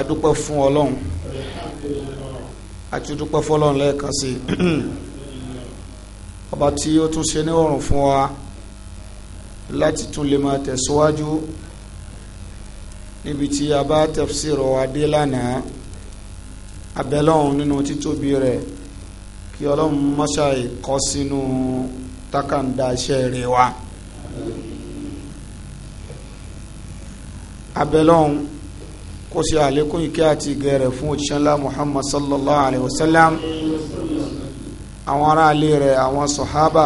adúpẹ́ fún ọlọ́run àti dúpẹ́ fọlọ́run lẹ́ẹ̀kan sí ọba tí ó tún ṣe ní ọ̀rùn fún wa láti tún lè máa tẹ̀síwájú níbi tí a bá tafsir wa dé lánàá abẹ́lọ́run nínú títóbi rẹ̀ kí ọlọ́run mọ́ṣáì kọ́ sínú tákàndá iṣẹ́ rẹ̀ wa abẹ́lọ́hún kó ṣe àlékún ìkẹ́ àti ìgẹ̀ rẹ̀ fún òjíṣẹ́ ńlá muhammad sallallahu alayhi wa sallam àwọn aráalé rẹ̀ àwọn sọ̀hábà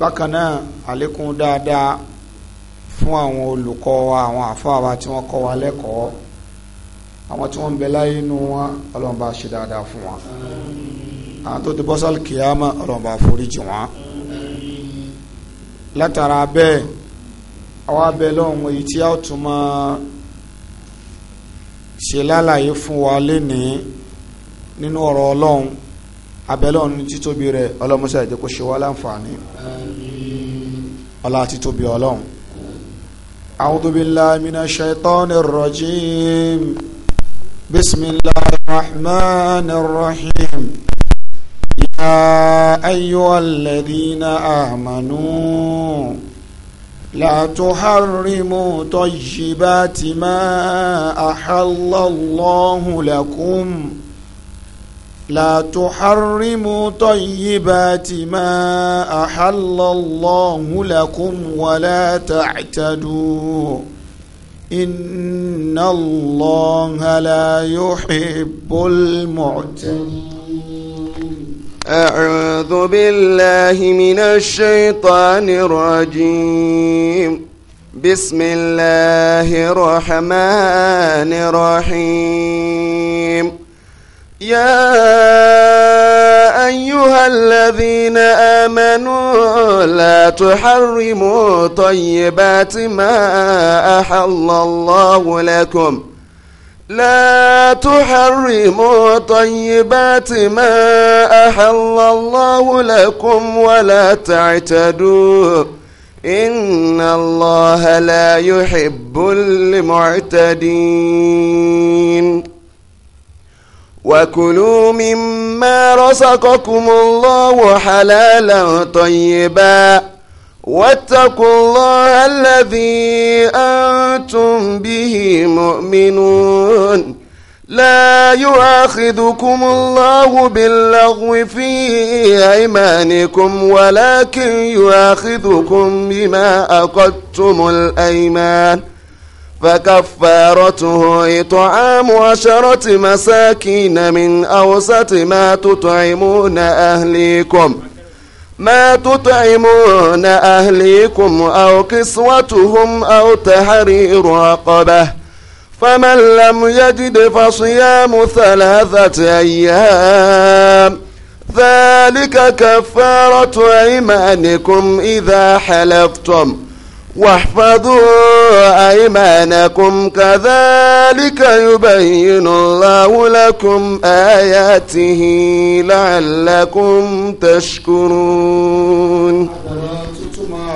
bákan náà àlékún dáadáa fún àwọn olùkọ́ wa àwọn àfáà wa tí wọ́n kọ́ wa lẹ́kọ̀ọ́ àwọn tí wọ́n ń bẹ láyé inú wọn ọlọ́mọba ṣe dáadáa fún wọn àwọn tó ti bọ́ sọ́ọ̀lù ọlọ́mọba foríjì wọn látara bẹ́ẹ̀ àwọn abẹ́lẹ́ ohun èyí tí a tún máa ṣe lálàyé fún wa lénìí nínú ọ̀rọ̀ ọlọ́run abẹ́lẹ́ ohun títóbi rẹ̀ ọlọ́mọṣẹ́ ìdí kò ṣe wá láǹfààní ọlá títóbi ọlọ́run. A'udhu billahi minash shaitanir rajim bismillahir rahmanir rahim. Ya ayyuhalladhina amanu. لا تحرموا طيبات ما أحل الله لكم لا تحرموا طيبات ما أحل الله لكم ولا تعتدوا إن الله لا يحب المعتدين أعوذ بالله من الشيطان الرجيم بسم الله الرحمن الرحيم يا أيها الذين آمنوا لا تحرموا طيبات ما أحل الله لكم لا تحرموا طيبات ما أحل الله لكم ولا تعتدوا إن الله لا يحب المعتدين وكلوا مما رزقكم الله حلالا طيبا واتقوا الله الذي أنتم به مؤمنون لا يؤاخذكم الله باللغو في أيمانكم ولكن يؤاخذكم بما أقدتم الأيمان فكفارته إطعام عشرة مساكين من أوسط ما تطعمون أهليكم ۖ ما تطعمون أهليكم أو كسوتهم أو تحرير رقبة فمن لم يجد فصيام ثلاثة أيام ذلك كفارة أيمانكم إذا حلفتم واحفظوا أيمانكم كذلك يبين الله لكم آياته لعلكم تشكرون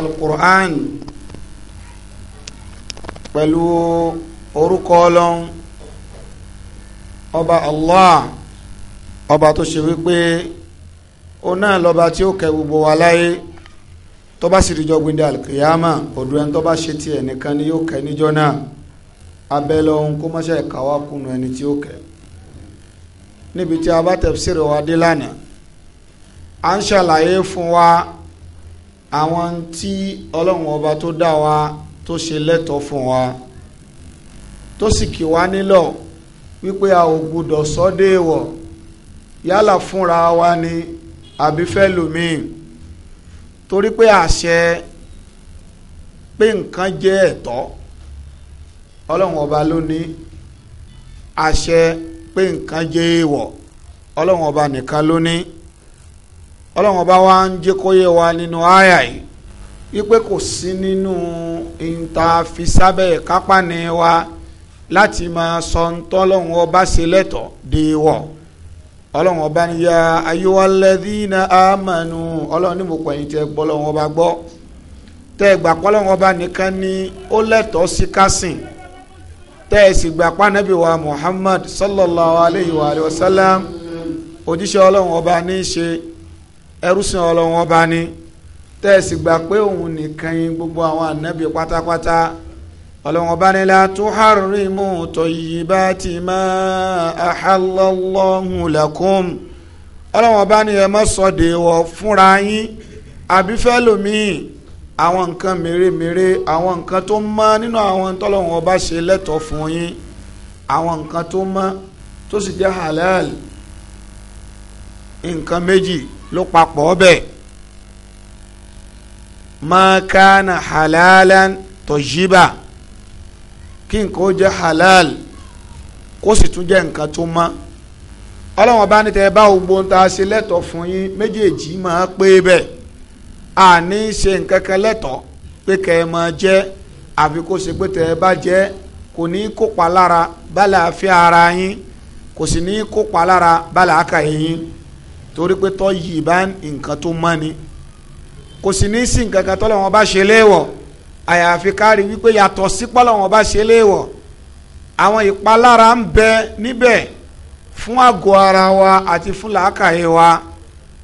القرآن pẹ̀lú orúkọ ọlọ́run ọba allah ọba tó ṣe wípé ó náà lọ́ba tí ó kẹ́ gbogbo wa láyé tó bá sì ríjọ gbẹ̀ndẹ̀ alkiyama ọ̀dọ̀ ẹni tó bá ṣe tiẹ̀ nìkan ni yóò kẹ́ níjọ́ náà abẹ́lẹ̀ ohun kó mọ́ṣẹ́ ẹ̀ka wá kùnú ẹni tí ó kẹ́ níbi tí a bá tẹ̀síìrì wa dé lánàá à ń ṣàlàyé fún wa àwọn tí ọlọ́run ọba tó dá wa tó ṣe lẹ́tọ̀ọ́ fún wa tó sì kì wá nílọ̀ wípé a ò gbúdọ̀ sọ́dẹ̀ wọ̀ yálà fúnra wa ni àbí fẹ́ lòmíì torí pé àṣẹ pé nǹkan jẹ́ ẹ̀tọ́ ọlọ́run ọba ló ní àṣẹ pé nǹkan jẹ́ èèwọ̀ ọlọ́run ọba nìkan ló ní ọlọ́run ọba wa ń jẹ́ kó yé wa nínú àyà yìí wípé kò sí nínú ìntàfisábẹ́ ni wa láti máa sọ ń tọ́lọ́run ọba ṣe lẹ́tọ̀ọ́ di wọ̀. ọlọ́run ọba ni ya ayyuhalladhina amanu ọlọ́run ní mo pè yín tí ẹ gbọ́ ọlọ́run ọba gbọ́ tẹ́ ẹ gbà pé ọlọ́run ọba nìkan ni ó lẹ́tọ̀ọ́ sí kásìn tẹ́ ẹ sì gbà pé ànábì wa Muhammad sallallahu alayhi wa sallam òjíṣẹ́ ọlọ́run ọba ní í ṣe ẹrúsìn ọlọ́run ọba ní tẹ́ ẹ sì gbà pé òun nìkan yín gbogbo àwọn ànábì pátápátá ọlọ́run ọba ni la tuharrimu tayyibati ma ahallallahu lakum ọlọ́run ọba ni ẹ má sọ dèèwọ̀ fúnra yín àbí fẹ́ lòmíì àwọn nǹkan mèremère àwọn nǹkan tó mọ́ nínú àwọn tọ́lọ́run ọba ṣe lẹ́tọ̀ọ́ fún yín àwọn nǹkan tó mọ́ tó sì jẹ́ halal nǹkan méjì ló papọ̀ ọbẹ̀ ma halalan tayyiba kí nǹkan ó jẹ́ halal kó sì tún jẹ́ nǹkan tó mọ́ ọlọ́wọ́n bá ní tẹ́ ẹ bá gbogbo ń ta ṣe lẹ́tọ̀ọ́ fún yín méjèèjì máa pé bẹ́ẹ̀ àní ṣe nǹkan kan lẹ́tọ̀ọ́ pé kẹ́ ẹ máa jẹ́ àfi kó ṣe pé tẹ́ ẹ bá jẹ́ kò ní kópa lára bálẹ̀ àfi ara yín kò sì ní kópa lára bálẹ̀ àkà yín torí pé tọ́ yìí bá nǹkan tó mọ́ ni kò sì ní sí nǹkan kan tọ́lọ́wọ́n bá ṣe léèwọ̀ àyàfi kárí wípé yàtọ̀ sípọ́lọ̀ wọn bá ṣe léèwọ̀ àwọn ìpalára ń bẹ níbẹ̀ fún àgọ́ ara wa àti fún làákàyè wa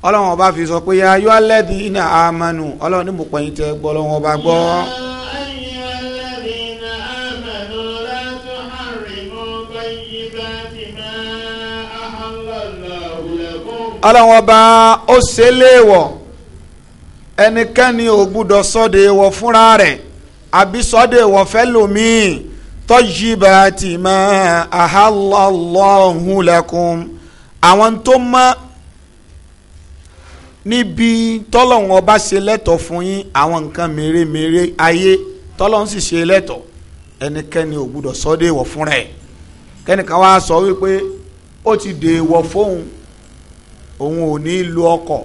ọlọ́run fi sọ pé ya yọ alẹ́ di iná àmánu ní mùpẹ̀yìn tẹ gbọ́ gbọ́. ó ṣe léèwọ̀ ẹnikẹ́ni ò gbúdọ̀ wọ fúnra àbí sọ́dọ̀ ìwọ̀ fẹ́ lomi tajibati ma ahallallahu lakum àwọn tó mọ́ níbi tọ́lọ́hún ọba ṣe lẹ́tọ̀ fún yín àwọn nǹkan mèremère ayé tọ́lọ́hún sì ṣe lẹ́tọ̀ ẹnikẹ́ni ò gbúdọ̀ sọ́dọ̀ ìwọ̀ fúnra ẹ̀ kẹ́nìkan wá sọ wípé ó ti dè ìwọ̀ fóun òun ò ní lo ọkọ̀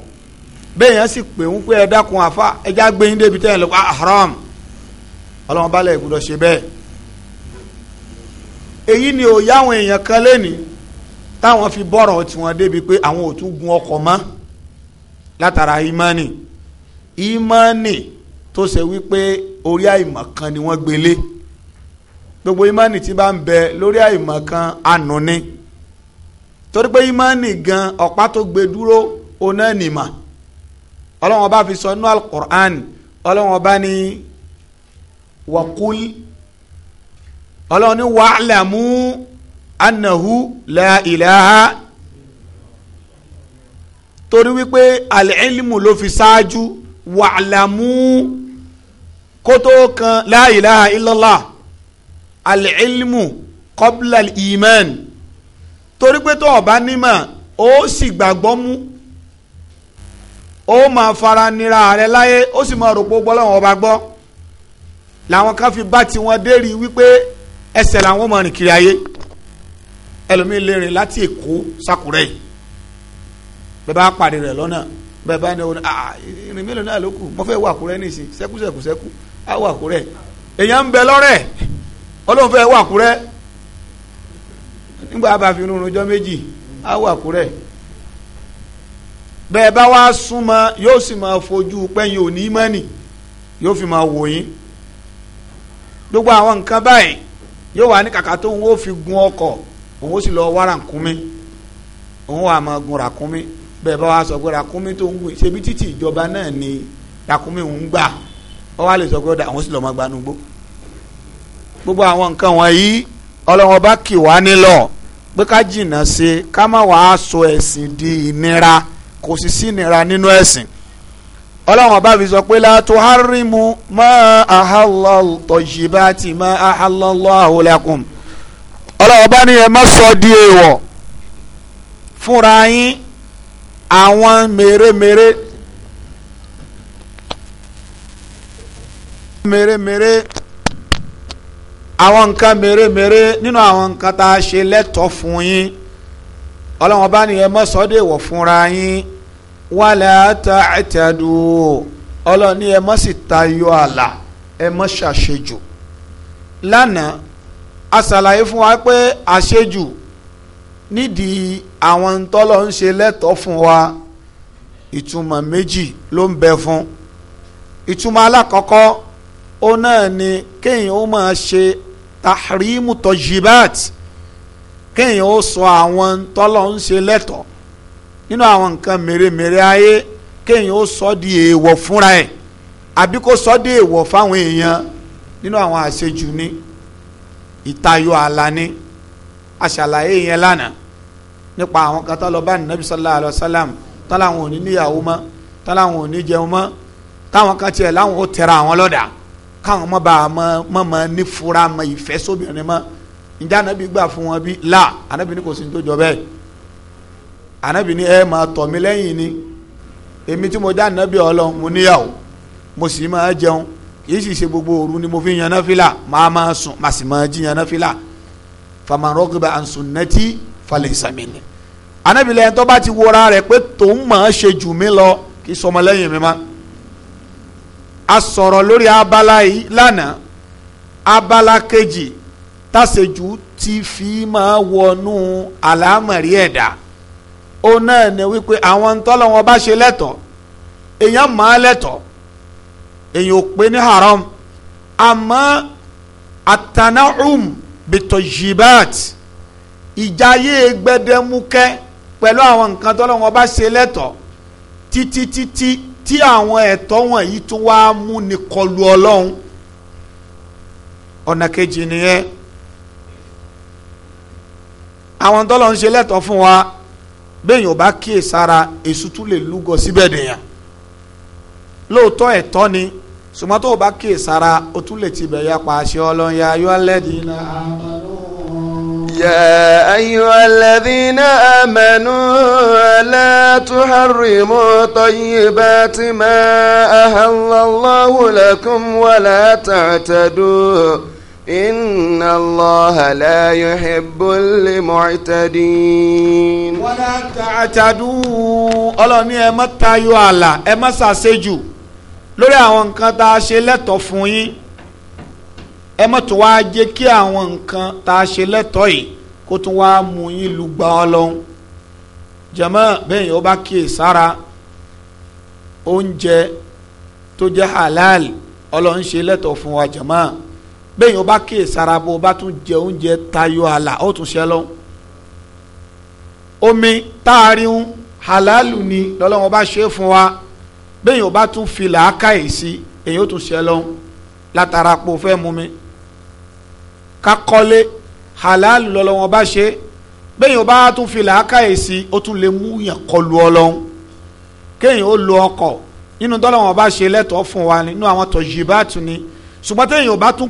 bẹ́ẹ̀ yẹn sì pè ń pé ẹ dákun àfa ẹja gbẹ́yìn débi tẹ́yìn lọ́kọ́ ah, haram ọlọ́run bá lẹ̀ gbọ́dọ̀ ṣe bẹ́ẹ̀ èyí ni ò yáwọn èèyàn kan lénìí táwọn fi bọ́rọ̀ tiwọn débi pé àwọn ò tún gun ọkọ̀ mọ́ látara ìmánì ìmánì tó ṣe wípé orí àìmọ̀kan ni wọ́n gbélé gbogbo ìmánì tí bá ń bẹ lórí àìmọ̀kan ànú ni torí pé ìmánì gan ọ̀pá tó gbé dúró oná nìmọ̀ ọlọ́wọ́n bá fi sọ nú alukur'an ọlọ́wọ́n bá ní wàkúl ọlọ́run ní wa'lamu annahu la ilaha torí wípé al-ilmu ló fi ṣáájú wa'lamu kótó kan la ilaha illallah al-ilmu qabla al-iman torí pé tó o bá nímọ̀ ó sì gbàgbọ́ mú ó máa fara nira rẹ láyé ó sì máa rò pé gbọ́lọ́wọ́n ọba gbọ́. làwọn kan fi bá tiwọn dérí wípé ẹsẹ̀ làwọn máa rìn kiri ayé ẹlòmíì lè rìn láti èkó sakure yìí bẹ́ẹ̀ bá pàdé rẹ̀ lọ́nà bẹ́ẹ̀ bá ní ọ̀nà ah, ìrìn mélòó náà ló kù mo fẹ́ wà Àkúrẹ́ nìsín sẹ́kùsẹ̀kù sẹ́kù á wà Àkúrẹ́ èèyàn ń bẹ lọ́rẹ̀ ọlọ́run fẹ́ wà Àkúrẹ́ nígbà bá fi rúnrún ọjọ́ méjì á wà Àkúrẹ́ bẹ́ẹ̀ bá wá súnmọ́ yóò sì máa fojú pẹ́yìn òní mọ́nì yóò fi máa wò yín gbogbo àwọn nǹkan báyìí yóò wà ní kàkà tó òun ó fi gun ọkọ̀ òun ó sì lọ wá ràkúnmí òun wà máa gun ràkúnmí bẹ́ẹ̀ bá wa sọ pé ràkúnmí tó ń gun ṣebí títì ìjọba náà ni ràkúnmí òun gbà ọ wá lè sọ pé ọ̀dà òun sì lọ máa gbanú gbó gbogbo àwọn nǹkan wọ̀nyí ọlọ́wọ́n bá kì wá nílọ̀ pé ká jìnnà sí ká má wàá sọ ẹ̀sìn di ìnira kò sì sí ìnira nínú ẹ̀sìn ọlọ́run ọba mi sọ pé la tuharrimu ma ahalla ma ahalla Allahu lakum ọlọ́run ọba ni ẹ má sọ di èèwọ̀ fúnra yín àwọn mèremère mèremère àwọn nǹkan mèremère nínú àwọn nǹkan tá a ṣe fún yín ọlọ́run ọba ni wala ta'tadu ọlọ́ni ẹ má sì tayọ àlà ẹ má ṣàṣejù lánàá a ṣàlàyé fún wa pé àṣejù nídìí àwọn ntọ́lọ́ ń ṣe lẹ́tọ̀ọ́ fún wa ìtumọ̀ méjì ló ń bẹ fún ìtumọ̀ alákọ̀ọ́kọ́ ó náà ni kéèyàn ó máa ṣe tahrimu tojibat kéèyàn ó sọ àwọn ntọ́lọ́ ń ṣe lẹ́tọ̀ọ́ nínú àwọn nǹkan mèremère ayé kéèyàn ó sọ di èèwọ̀ fúnra ẹ̀ àbí kó sọ di èèwọ̀ fáwọn èèyàn nínú àwọn àṣejù ni ìtayọ àlà ni aṣàlàyé yẹn lánàá nípa àwọn kan tó lọ bá nàbí sallallahu alayhi wa sallam tó láwọn ò ní níyàwó mọ́ tó láwọn ò ní jẹun mọ́ táwọn kan tiẹ̀ láwọn ó tẹra àwọn lọ́dà káwọn mọ́ bá mọ́ mọ́ ní fura mọ́ ìfẹ́ sóbìnrin mọ́ ǹjẹ́ gbà fún wọn bí là ànábì ní kò sí ní tó jọ bẹ́ẹ̀ anabi ni ẹ máa tọ̀ mí lẹ́yìn ni èmi tí mo já anabi ọlọ mo níyàwó mo sì máa jẹun kì í sì ṣe gbogbo òru ni mo fi yan náfìlà máa máa sùn màá sì máa jí yan náfìlà faman ragiba an sunnati falaysa minni anabi lẹ́yìn tó bá ti wọra rẹ̀ pé tòun máa ṣe jù mí lọ kì í sọmọ lẹ́yìn mi má a sọ̀rọ̀ lórí abala yìí lánàá abala kejì tàṣejù ti fi máa wọnú àlámọ̀rí ẹ̀dá. E òun náà ni wípé àwọn ntọ́lọ́ wọn bá ṣe lẹ́tọ̀ọ́ èèyàn máa lẹ́tọ̀ọ́ èèyàn ò pé ní haram àmọ́ àtànáhùn bìtọ̀jìbáàt ìjáyé gbẹdẹmukẹ pẹ̀lú àwọn nǹkan tọ́lọ́ wọn bá ṣe lẹ́tọ̀ọ́ títí títí tí àwọn ẹ̀tọ́ wọ̀nyí tún wá mú ni kọlu ọlọ́run ọ̀nà kejì nìyẹn àwọn tọ́lọ́ ń ṣe lẹ́tọ̀ọ́ fún wa bẹ́ẹ̀ yóò bá kíyè sára èṣù tún lè lúgọ síbẹ̀ nìyẹn lóòótọ́ ẹ̀tọ́ ni ṣùgbọ́n tó o bá kíyè sára o tún lè tibẹ̀ ya pa àṣẹ ọlọ́yà ayọ́lẹ́dínà. يا أيها الذين آمنوا لا تحرموا طيبات ما أهل الله لكم ولا تعتدوا إن الله لا يحب المعتدين ولا تعتدوا ọlọ́ni ẹ má tayọ أما ẹ má ṣàṣejù lórí àwọn nǹkan tá a ṣe lẹ́tọ̀ọ́ fún yín ẹ má tún wáá jẹ́ kí àwọn nǹkan tá a ṣe lẹ́tọ̀ọ́ yìí kó tún wáá mú yín lùgbà ọlọ́run jẹ̀mọ́ bẹ́ẹ̀ yóò bá kíyè sára oúnjẹ tó jẹ́ halal ọlọ́run ṣe lẹ́tọ̀ọ́ fún wa jẹ̀mọ́ bẹ́ẹ̀ yóò bá kíyè sára bó o bá tún jẹ oúnjẹ tayọ àlà ó tún ṣe lọ́hùn omi táàrí ń halalu ni lọ́lọ́wọ́n bá ṣe fún wa bẹ́ẹ̀ yóò bá tún fi làákàyè sí èyí ó tún ṣe lọ́hùn látara pò fẹ́ mú mi kakọ́lé halalu lọ́lọ́wọ́n bá ṣe bẹ́ẹ̀ yóò bá tún fi làákàyè sí ó tún lè mú yàn kọlu ọlọ́hun kéèyàn ó lo ọkọ̀ nínú tọ́lọ́wọ́n bá ṣe lẹ́tọ̀ọ́ fún wa nínú àwọn tọ̀jìbáàtù ni ṣùgbọ́n téèyàn ò bá tún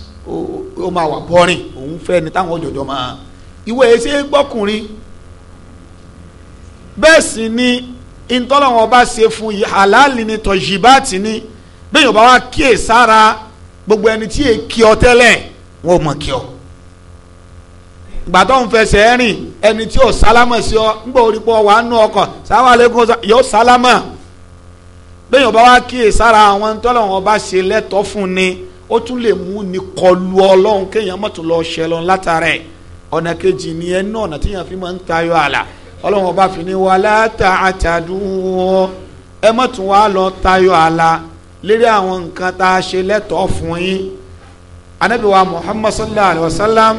ó máa wà bọ́rìn òun fẹ́ ni táwọn òjòjò máa ìwé ẹsẹ̀ gbọ́kùnrin bẹ́ẹ̀ sì ni ìtọ́lọ́wọ́n bá ṣe fún yìí halali ni tọ̀jìbáàtì ni bẹ́ẹ̀ yóò bá wá kíyè sára gbogbo ẹni tí yẹ kí ọ tẹ́lẹ̀ wọn ò mọ̀ kí ọ gbàtọ́ ń fẹsẹ̀ rìn ẹni tí yóò sálámà sí ọ nígbà orí pọ̀ wà á nú ọkọ̀ sáwàlẹ́kùn yóò sálámà bẹ́ẹ̀ yóò bá wá kíyè sára àwọn ìtọ́lọ́wọ́n bá ṣe lẹ́tọ́ fún ni ó tún lè mú ni kọlu ọlọ́run kéèyàn má tún lọ ṣẹlọ́n látara ẹ̀ ọ̀nà kejì ni ẹ náà ọ̀nà tíyàn fi máa ń tayọ àlà ọlọ́run ọba fi ni wà látà àtàdúwọ́ ẹ má tún lọ tayọ àlà lérí àwọn nǹkan tá a ṣe lẹ́tọ̀ọ́ fún yín anabi muhammad sallallahu alayhi wa sallam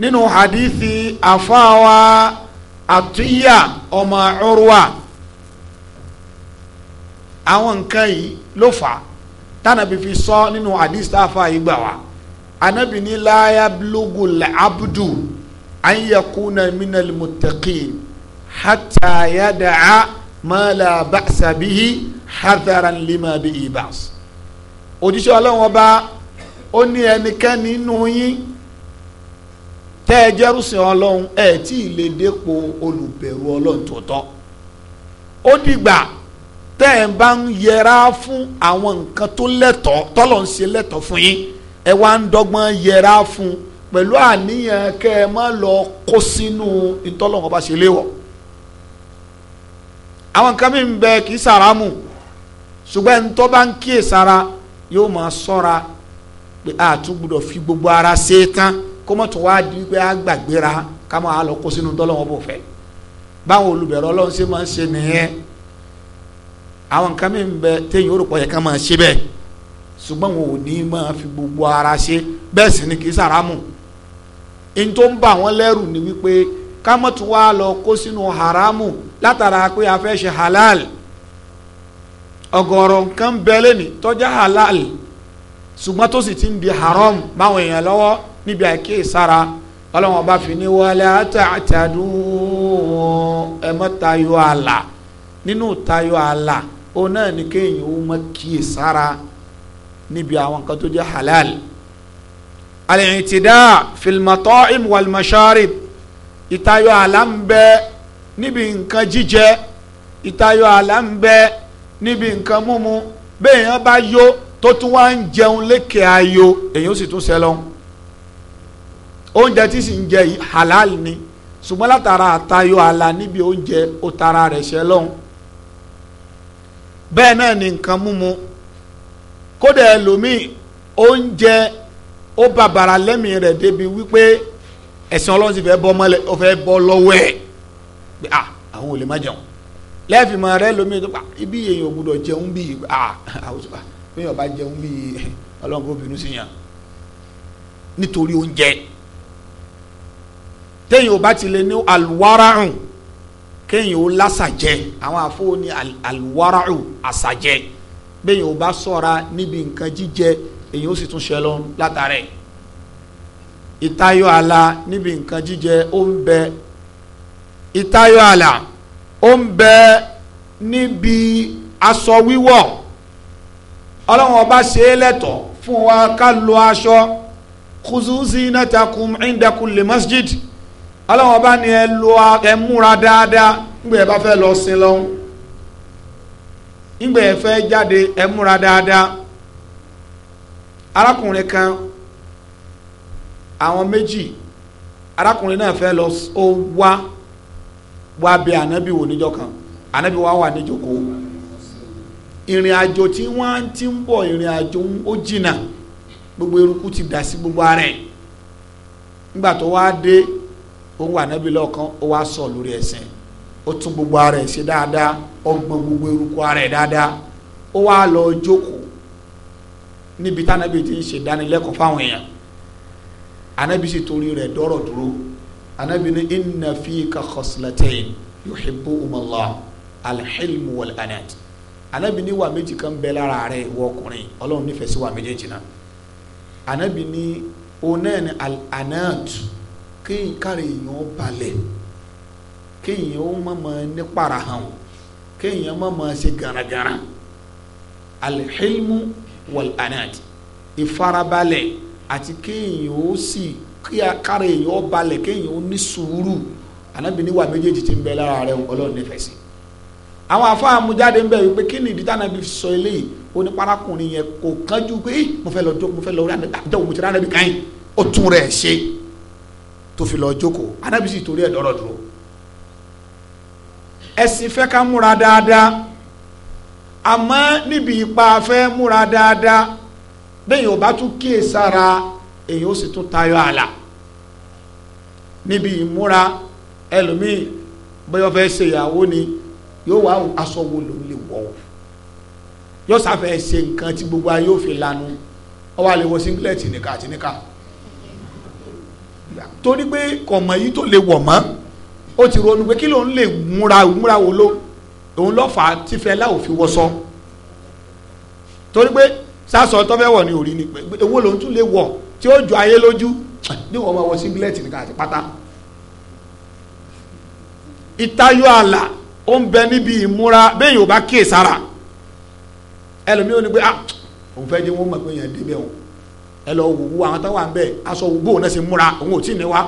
nínú hadithi afáwa àtúnyà ọmọ ọrùwà àwọn nǹkan yìí ló fà á tánàbí fi sọ nínú hadith tafa ìgbà wa anabi ní láyà blogu abdu an yakuna minal muttaqin hatta yada'a ma la ba'sa bihi hadaran lima bihi ba's òjíṣẹ́ ọlọ́run ọba ó ní ẹnikẹ́ni nínú yín tẹ́ ẹ jẹ́rùsìn ọlọ́run ẹ̀ tí ì lè dépò olùbẹ̀rù ọlọ́run tó tọ́ ó dìgbà tẹ́ ẹ̀ bá ń yẹra fún àwọn nǹkan tó lẹ́tọ̀ọ́ tọ́lọ̀ ń ṣe lẹ́tọ̀ọ́ fún yín ẹ wá ń dọ́gbọ́n yẹra fún pẹ̀lú àníyàn kẹ́ ẹ má lọ kó sínú ìtọ́lọ́wọ́n bá ṣe léwọ̀ àwọn nǹkan mi ń bẹ kì í sàrámù ṣùgbọ́n ẹni tó bá ń kíyè sára yóò máa sọ́ra pé a tún fi gbogbo ara ṣe é tán kó mọ̀ tó wá di pé a gbàgbéra ká máa lọ kó sínú ìtọ́lọ́wọ́n bò fẹ́ báwọn olùbẹ̀rẹ̀ ọlọ́run ṣe máa ń ṣe nìyẹn àwọn nǹkan mi bẹ téyìn ó rò pọ̀ yẹ ká máa ṣe bẹ́ẹ̀ ṣùgbọ́n wo ni ní máa fi gbogbo ara ṣe bẹ́ẹ̀ sì ni kì í sàrámù in tó ń bà wọ́n lẹ́rù ni wípé ká má tún wá lọ kó sínú haramu látara pé a fẹ́ ṣe halal ọ̀gọ̀rọ̀ nǹkan bẹ lẹ́ni tọ́já halal ṣùgbọ́n tó sì ti ń di haram báwọn èèyàn lọ́wọ́ níbi àìkíyèsára ọlọ́wọ́n bá fi ní wọlé àtàtàdún ẹ má tayọ àlà nínú tayọ àlà òun náà ni kéèyàn ó má kíyè sára níbi àwọn nǹkan tó jẹ́ halal alìyìntìdá fìlmọ̀tọ́ ìmùwàlùmọ̀ṣọ́rì ìtayọ̀ àlà ń bẹ níbi nǹkan jíjẹ ìtayọ̀ àlà ń bẹ níbi nǹkan múmu bẹ́ẹ̀ yẹn bá yó tó tún wá ń jẹun lékè ayo èyí ó sì tún sẹlọ oúnjẹ tí sì ń jẹ yìí halal ni ṣùgbọ́n látara àtayọ̀ àlà níbi oúnjẹ ó tara rẹ̀ sẹlọ́hún bẹ́ẹ̀ náà ni nǹkan múmu kódà ẹlòmíì oúnjẹ ó bàbàrà lẹ́mìí rẹ̀ débi wípé ẹ̀sìn ọlọ́run sì fẹ́ bọ́ mọ́lẹ̀ ó fẹ́ bọ́ lọ́wọ́ ẹ̀ pé à ah, àwọn ò lè má jẹun lẹ́ẹ̀fì mọ̀ rẹ lómi tó pa ah, ibi èèyàn gbọdọ̀ jẹun bíi à àwòsàn èèyàn bá jẹun bíi ọlọ́run kò bínú sí yàn nítorí oúnjẹ téèyàn bá ti lè ní alùwárà hàn kéèyàn ó lásàjẹ àwọn àfọwọ́ni alwarau àsàjẹ bẹ́ẹ̀yàn ó bá sọ̀ra níbi nǹkan jíjẹ èyàn ó sì tún ṣe lọ látàrẹ̀ ìtayọ àlà níbi nǹkan jíjẹ ó ń bẹ ìtayọ àlà ó ń bẹ níbi aṣọ wíwọ̀ ọlọ́run ọba ṣe é lẹ́tọ̀ọ́ fún wa ká lo aṣọ khuzu zinatakum inda kulli masjid ọlọ́wọ́n bá ní ẹ lo ẹ múra dáadáa nígbà ẹ bá fẹ́ lọ sin lọ́hún nígbà ẹ fẹ́ jáde ẹ dáadáa arákùnrin kan àwọn méjì arákùnrin náà fẹ́ lọ ó wá wá bẹ ànábì wò kan ànábì wá wà níjókòó ìrìn àjò tí wọ́n ti ń gbogbo eruku ti gbogbo ara ẹ̀ ó wà nábì lọ́kàn ó wá sọ lórí ẹ̀sìn ó tún gbogbo ara ẹ̀ ṣe dáadáa ó gbọ́n gbogbo eruku ara ẹ̀ dáadáa ó wá lọ jókòó níbi tánábì ti ń ṣe dánilẹ́kọ̀ọ́ fáwọn èèyàn anábì sì torí rẹ̀ dọ́rọ̀ dúró anábì ní inna fika khoslatayn yuhibbuhumullah alhilmu wal anat anabi ní wà méjì kan bẹ lára rẹ̀ ìwọ ọkùnrin Ọlọ́run nífẹ̀ẹ́ sí wà méjèèjì náà anabi ní onáà ní al kéèkárẹ̀ èèyàn balẹ̀ kéèyàn ó mọ̀mọ́ ní parahàn kéèyàn mọ̀mọ́ ṣe gàràgàrà alihilmu wal-anad ìfarabalẹ̀ àti kéèyàn ó sì kárẹ̀ èèyàn ó balẹ̀ kéèyàn ó ní sùúrù Ànábì ní wà méjèèjì tí ń bẹ lára rẹ̀ Ọlọ́run nífẹ̀ẹ́ sí àwọn afáàmù jáde ń bẹ wípé kí ni ìdí tí Ànábì fi sọ eléyìí ó ní parakùnrin yẹn kò kánjú pé mo fẹ́ lọ mo fẹ́ lọ rí àdéhùn mo ti rí Ànábì káyìn ó tún rẹ̀ ṣe tó fi lọ jókòó anábì sì torí ẹ̀ dọ́rọ̀ dúró ẹ̀sìn fẹ́ ká múra dáadáa àmọ́ níbi ipa fẹ́ múra dáadáa bẹ́ẹ̀ ò bá tún kíyè sára èyí ó sì tún tayọ ààlà níbi ìmúra ẹlòmíì bóyá fẹ́ ṣe ìyàwó ni yóò wá aṣọ wo ló lè wọ̀ yóò sáfẹ́ ṣe nǹkan tí gbogbo ayé ò lanu ó wá lè wọ singlet torí pé kọ̀mọ̀ yìí tó lè wọ̀ mọ́ ó ti ronú pé kí lòun lè múra múra wo ló òun lọ́fà tífẹ́ láò fi wọ́sọ torí pé sásọ tọ́fẹ́ ni òrí ni pé èwo lòun tún lè wọ̀ tí ó ju ayé lójú ní wọ́n máa wọ singlet nìkan àti pátá ìtayọ àlà ó ń bẹ níbi ìmúra bẹ́ẹ̀ yóò bá kíyèsára ẹlòmíràn ni pé ah òun fẹ́ jẹ́ wọ́n mọ̀ pé yẹn débẹ̀ òun ẹ lọ wò wò àwọn tó wà ń bẹ aṣọ wò bóun náà ṣe múra òun ò tí ì ní wa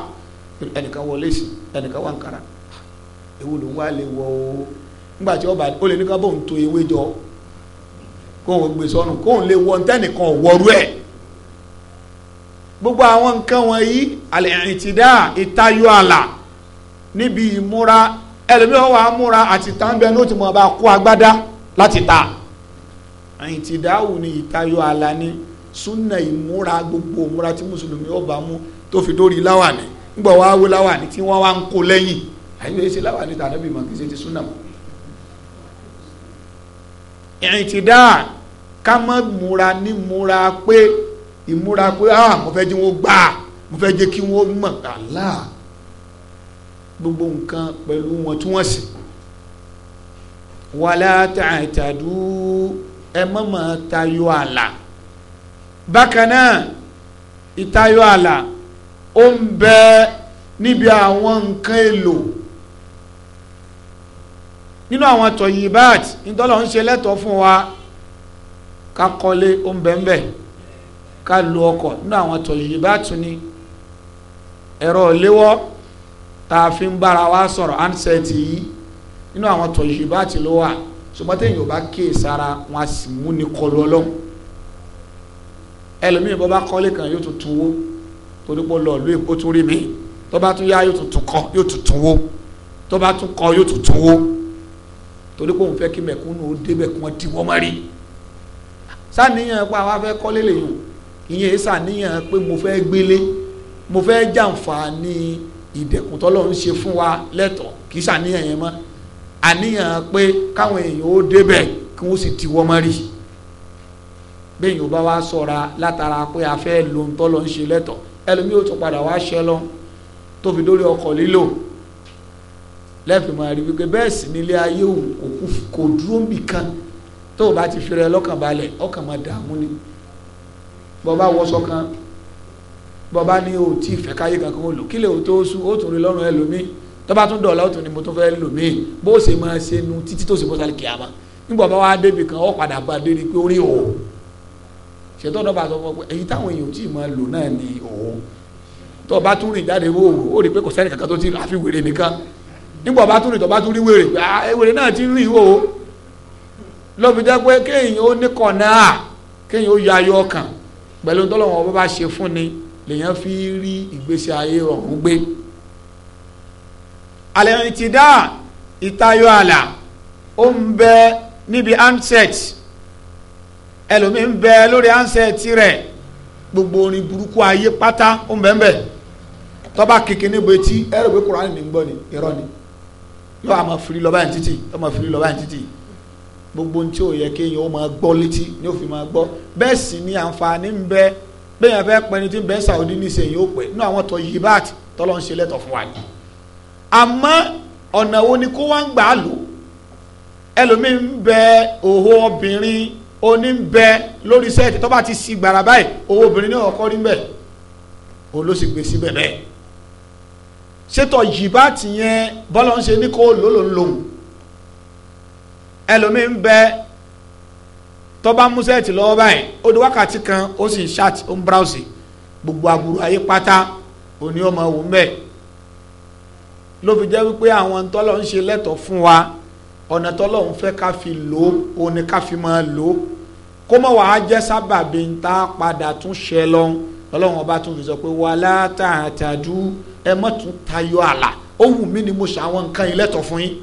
ẹnìkan wọ léèsì ẹnìkan wà ń kara ewu ló ń wá lè wọ o nígbà tí ọba ó lè ní ká bóun tó ewé jọ kóun gbé sọnù kóun lè wọ ntẹnìkan wọrú ẹ gbogbo àwọn nǹkan wọ̀nyí àlẹ ìtìdá ìtayọ àlà níbi ìmúra ẹlòmíràn wà á múra àti tàǹbẹ ní ó ti mọ ọba kó agbádá láti ta ìtìdá wù ní ìtayọ àlà ni súnà ìmúra gbogbo ìmúra tí mùsùlùmí ọba mú tó fi dórí láwàní ńgbọ̀ wá wó láwàní tí wọ́n wá ń kó lẹ́yìn àyíwé ṣe láwàní tàbí mọ̀ kì ṣe ti súnà mọ́. ìrìntìdá ká mọ́ múra ní múra pé ìmúra pé ah mo fẹ́ jẹ́ wọ́n gbà mo fẹ́ jẹ́ kí wọ́n mọ̀ àlá gbogbo nǹkan pẹ̀lú wọn tí wọ́n sì wàlá tàìtàdú ẹ mọ̀ tayọ àlà bákan náà ìtayọ ààlà ó ń bẹ níbi àwọn nǹkan èlò nínú àwọn tọ̀yìnbáàt ìtọ́lọ̀ ń ṣe lẹ́tọ̀ọ́ fún wa ká kọ́lé ó ń bẹ ń bẹ ká lu ọkọ̀ nínú àwọn tọ̀yìnbáàt ni ẹ̀rọ léwọ́ tá a fi ń bára wa sọ̀rọ̀ ansẹ́ẹ̀tì yìí nínú àwọn tọ̀yìnbáàt ló wà ṣùgbọ́n téèyàn bá kíyèsára wọn a sì múni kọlu ẹlòmíì bó bá kọ́lé kan yóò tuntun wó torí pé lọ lóye ó tún rí mi tó bá tún yá yóò tuntun kọ́ yóò tuntun wó tó bá tún kọ́ yóò tuntun wó torí pé òun fẹ́ kí mẹ̀kúnnù ó débẹ̀ kí wọ́n ti wọ́n mọ́ rí sàníyàn pé àwa fẹ́ kọ́lé lèyìn ìyẹn sàníyàn pé mo fẹ́ gbélé mo fẹ́ jàǹfààní ìdẹ̀kùn tọ́lọ́run ṣe fún wa lẹ́tọ̀ọ́ kì í sàníyàn yẹn mọ́ àníyàn pé káwọn èèyàn ó débẹ̀ kí wọ́n sì ti wọ́n mọ́ rí i bẹ́ẹ̀ yóò bá wa sọ̀ra látara pé a fẹ́ lo ń lọ ń ṣe lẹ́tọ̀ ẹlòmíì ó tún padà wá ṣẹ́ lọ tó fi dórí ọkọ̀ lílò lẹ́ẹ̀fì máa rí wípé bẹ́ẹ̀ sì nílé ayé òkú kò dúró kan tó o bá ti fi rẹ lọ́kàn balẹ̀ ọkàn máa dààmú ni bọ́ bá wọṣọ kan bọ́ bá ní o tí ìfẹ́ káyé kankan o tó sùn ó tún rí lọ́rùn ẹlòmíì tó bá tún tún mo ma nígbà bá kan padà bá dé ni pé ó rí o. ṣètò ọ̀dọ́ bá sọ fún ọ pé èyí táwọn èèyàn tí ì lò náà ni òun tó o bá tún rìn jáde wó o ó rí i pé kò sẹ́ni kankan tó ti àfi wèrè nìkan nígbà bá tún rìn tó bá tún rí wèrè ah, wèrè náà ti rìn wò ó lọ́bi jẹ́ pé kéèyàn ó ní kọ̀nà kéèyàn ó ya ayọ̀ ọkàn pẹ̀lú tọ́lọ́wọ́n bá bá ṣe fún ni lèèyàn fi rí ìgbésí ayé ọ̀hún gbé alẹ́ ìtìdá ìtayọ̀ àlà ó ń bẹ níbi handset ẹlòmíì ń bẹ lórí ansẹ̀tì rẹ̀ gbogbo orin burúkú ayé pátá ó ń bẹ bẹ́ẹ̀ kékeré níbo etí ẹ̀rọ pé kúránì ni irọ́ ni yóò àmọ́ firi lọ́ba títì yóò gbogbo ohun ò yẹ kéèyàn ó ma gbọ létí ni ó fi máa gbọ́ sì ni àǹfààní ń bẹ bẹ́ẹ̀ yẹn ni tí ń bẹ wo ni kó wá ń gbà á lò oní ń bẹ lórí sẹ́ẹ̀tì tó ti si gbàrà báyìí owó obìnrin náà kọ́ níbẹ̀ òun ló sì gbé síbẹ̀ bẹ́ẹ̀ ṣètò yìbá tìyẹn bọ́lá ń ṣe ní kó lólò ń lòun ẹlòmíì ń bẹ tó bá mú sẹ́ẹ̀tì lọ́wọ́ báyìí ó di wákàtí kan ó sì ń ṣáàtì ó ń bíráùsì gbogbo àbúrò ayé pátá òní ọmọ òun bẹ́ẹ̀ ló fi jẹ́ wípé àwọn tọ́lọ̀ ń ṣe lẹ́tọ̀ọ́ fún wa ọ̀nà tọ́lọ́hún fẹ́ ká fi lò ó òun ni ká fi máa lò ó kó mọ̀ wàá jẹ́ sábàbí ń tá padà tún ṣe lọ́hún lọ́lọ́hún ọba tún fi sọ pé wàhálà tààtàdú ẹ má tún tayọ àlà ó wù mí ni mo ṣe àwọn nǹkan yìí lẹ́tọ̀ fún yín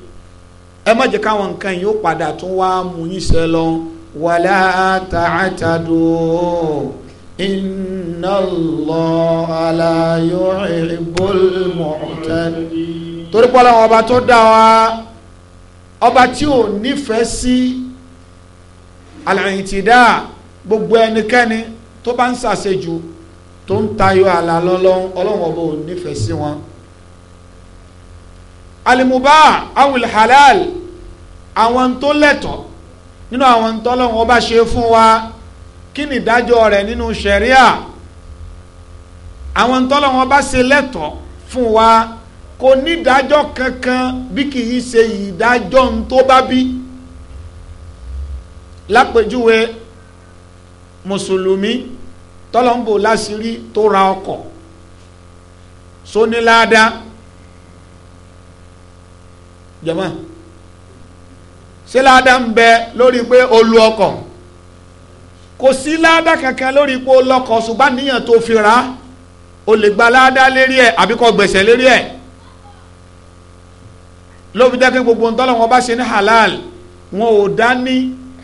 ẹ má jẹ́ káwọn nǹkan yìí ó padà tún wá mú yín ṣe lọ́hún wàhálà tààtàdú inna Allah la yuhibbul mu'tadin torí pé ọlọ́run ọba tó dá wa ọba tí ò nífẹ̀ẹ́ sí àlàyìntìdá gbogbo ẹnikẹ́ni tó bá ń ṣàṣejù tó ń tayọ àlà lọ́lọ́run ọlọ́run ọba ò nífẹ̀ẹ́ sí wọn. alimuba awul halal àwọn tó lẹ́tọ̀ọ́ nínú àwọn tó lọ́run ọba ṣe fún wa kí ni ìdájọ́ rẹ̀ nínú ṣẹ̀ríà àwọn tó lọ́run ọba ṣe lẹ́tọ̀ọ́ fún wa kò nídàájọ́ kankan bí kì í ṣe ìdájọ́ ń tó bá bí lápèjúwe mùsùlùmí tọ́lọ́mbò láṣìírí tó ra ọkọ̀ sóníláàdá jọ̀mọ́ ṣé láàdá ń bẹ lórí pé o lu ọkọ̀ kò sí láàdá kankan lórí pé o lọkọ̀ ṣùgbọ́n níyàn tó fi rà á lè gba láàdá lérí ẹ̀ àbí gbẹ̀sẹ̀ lérí ẹ̀ lóbi jẹ́ pé gbogbo ntọ́lọ́wọ́n bá ṣe ní halal wọn ò dá ní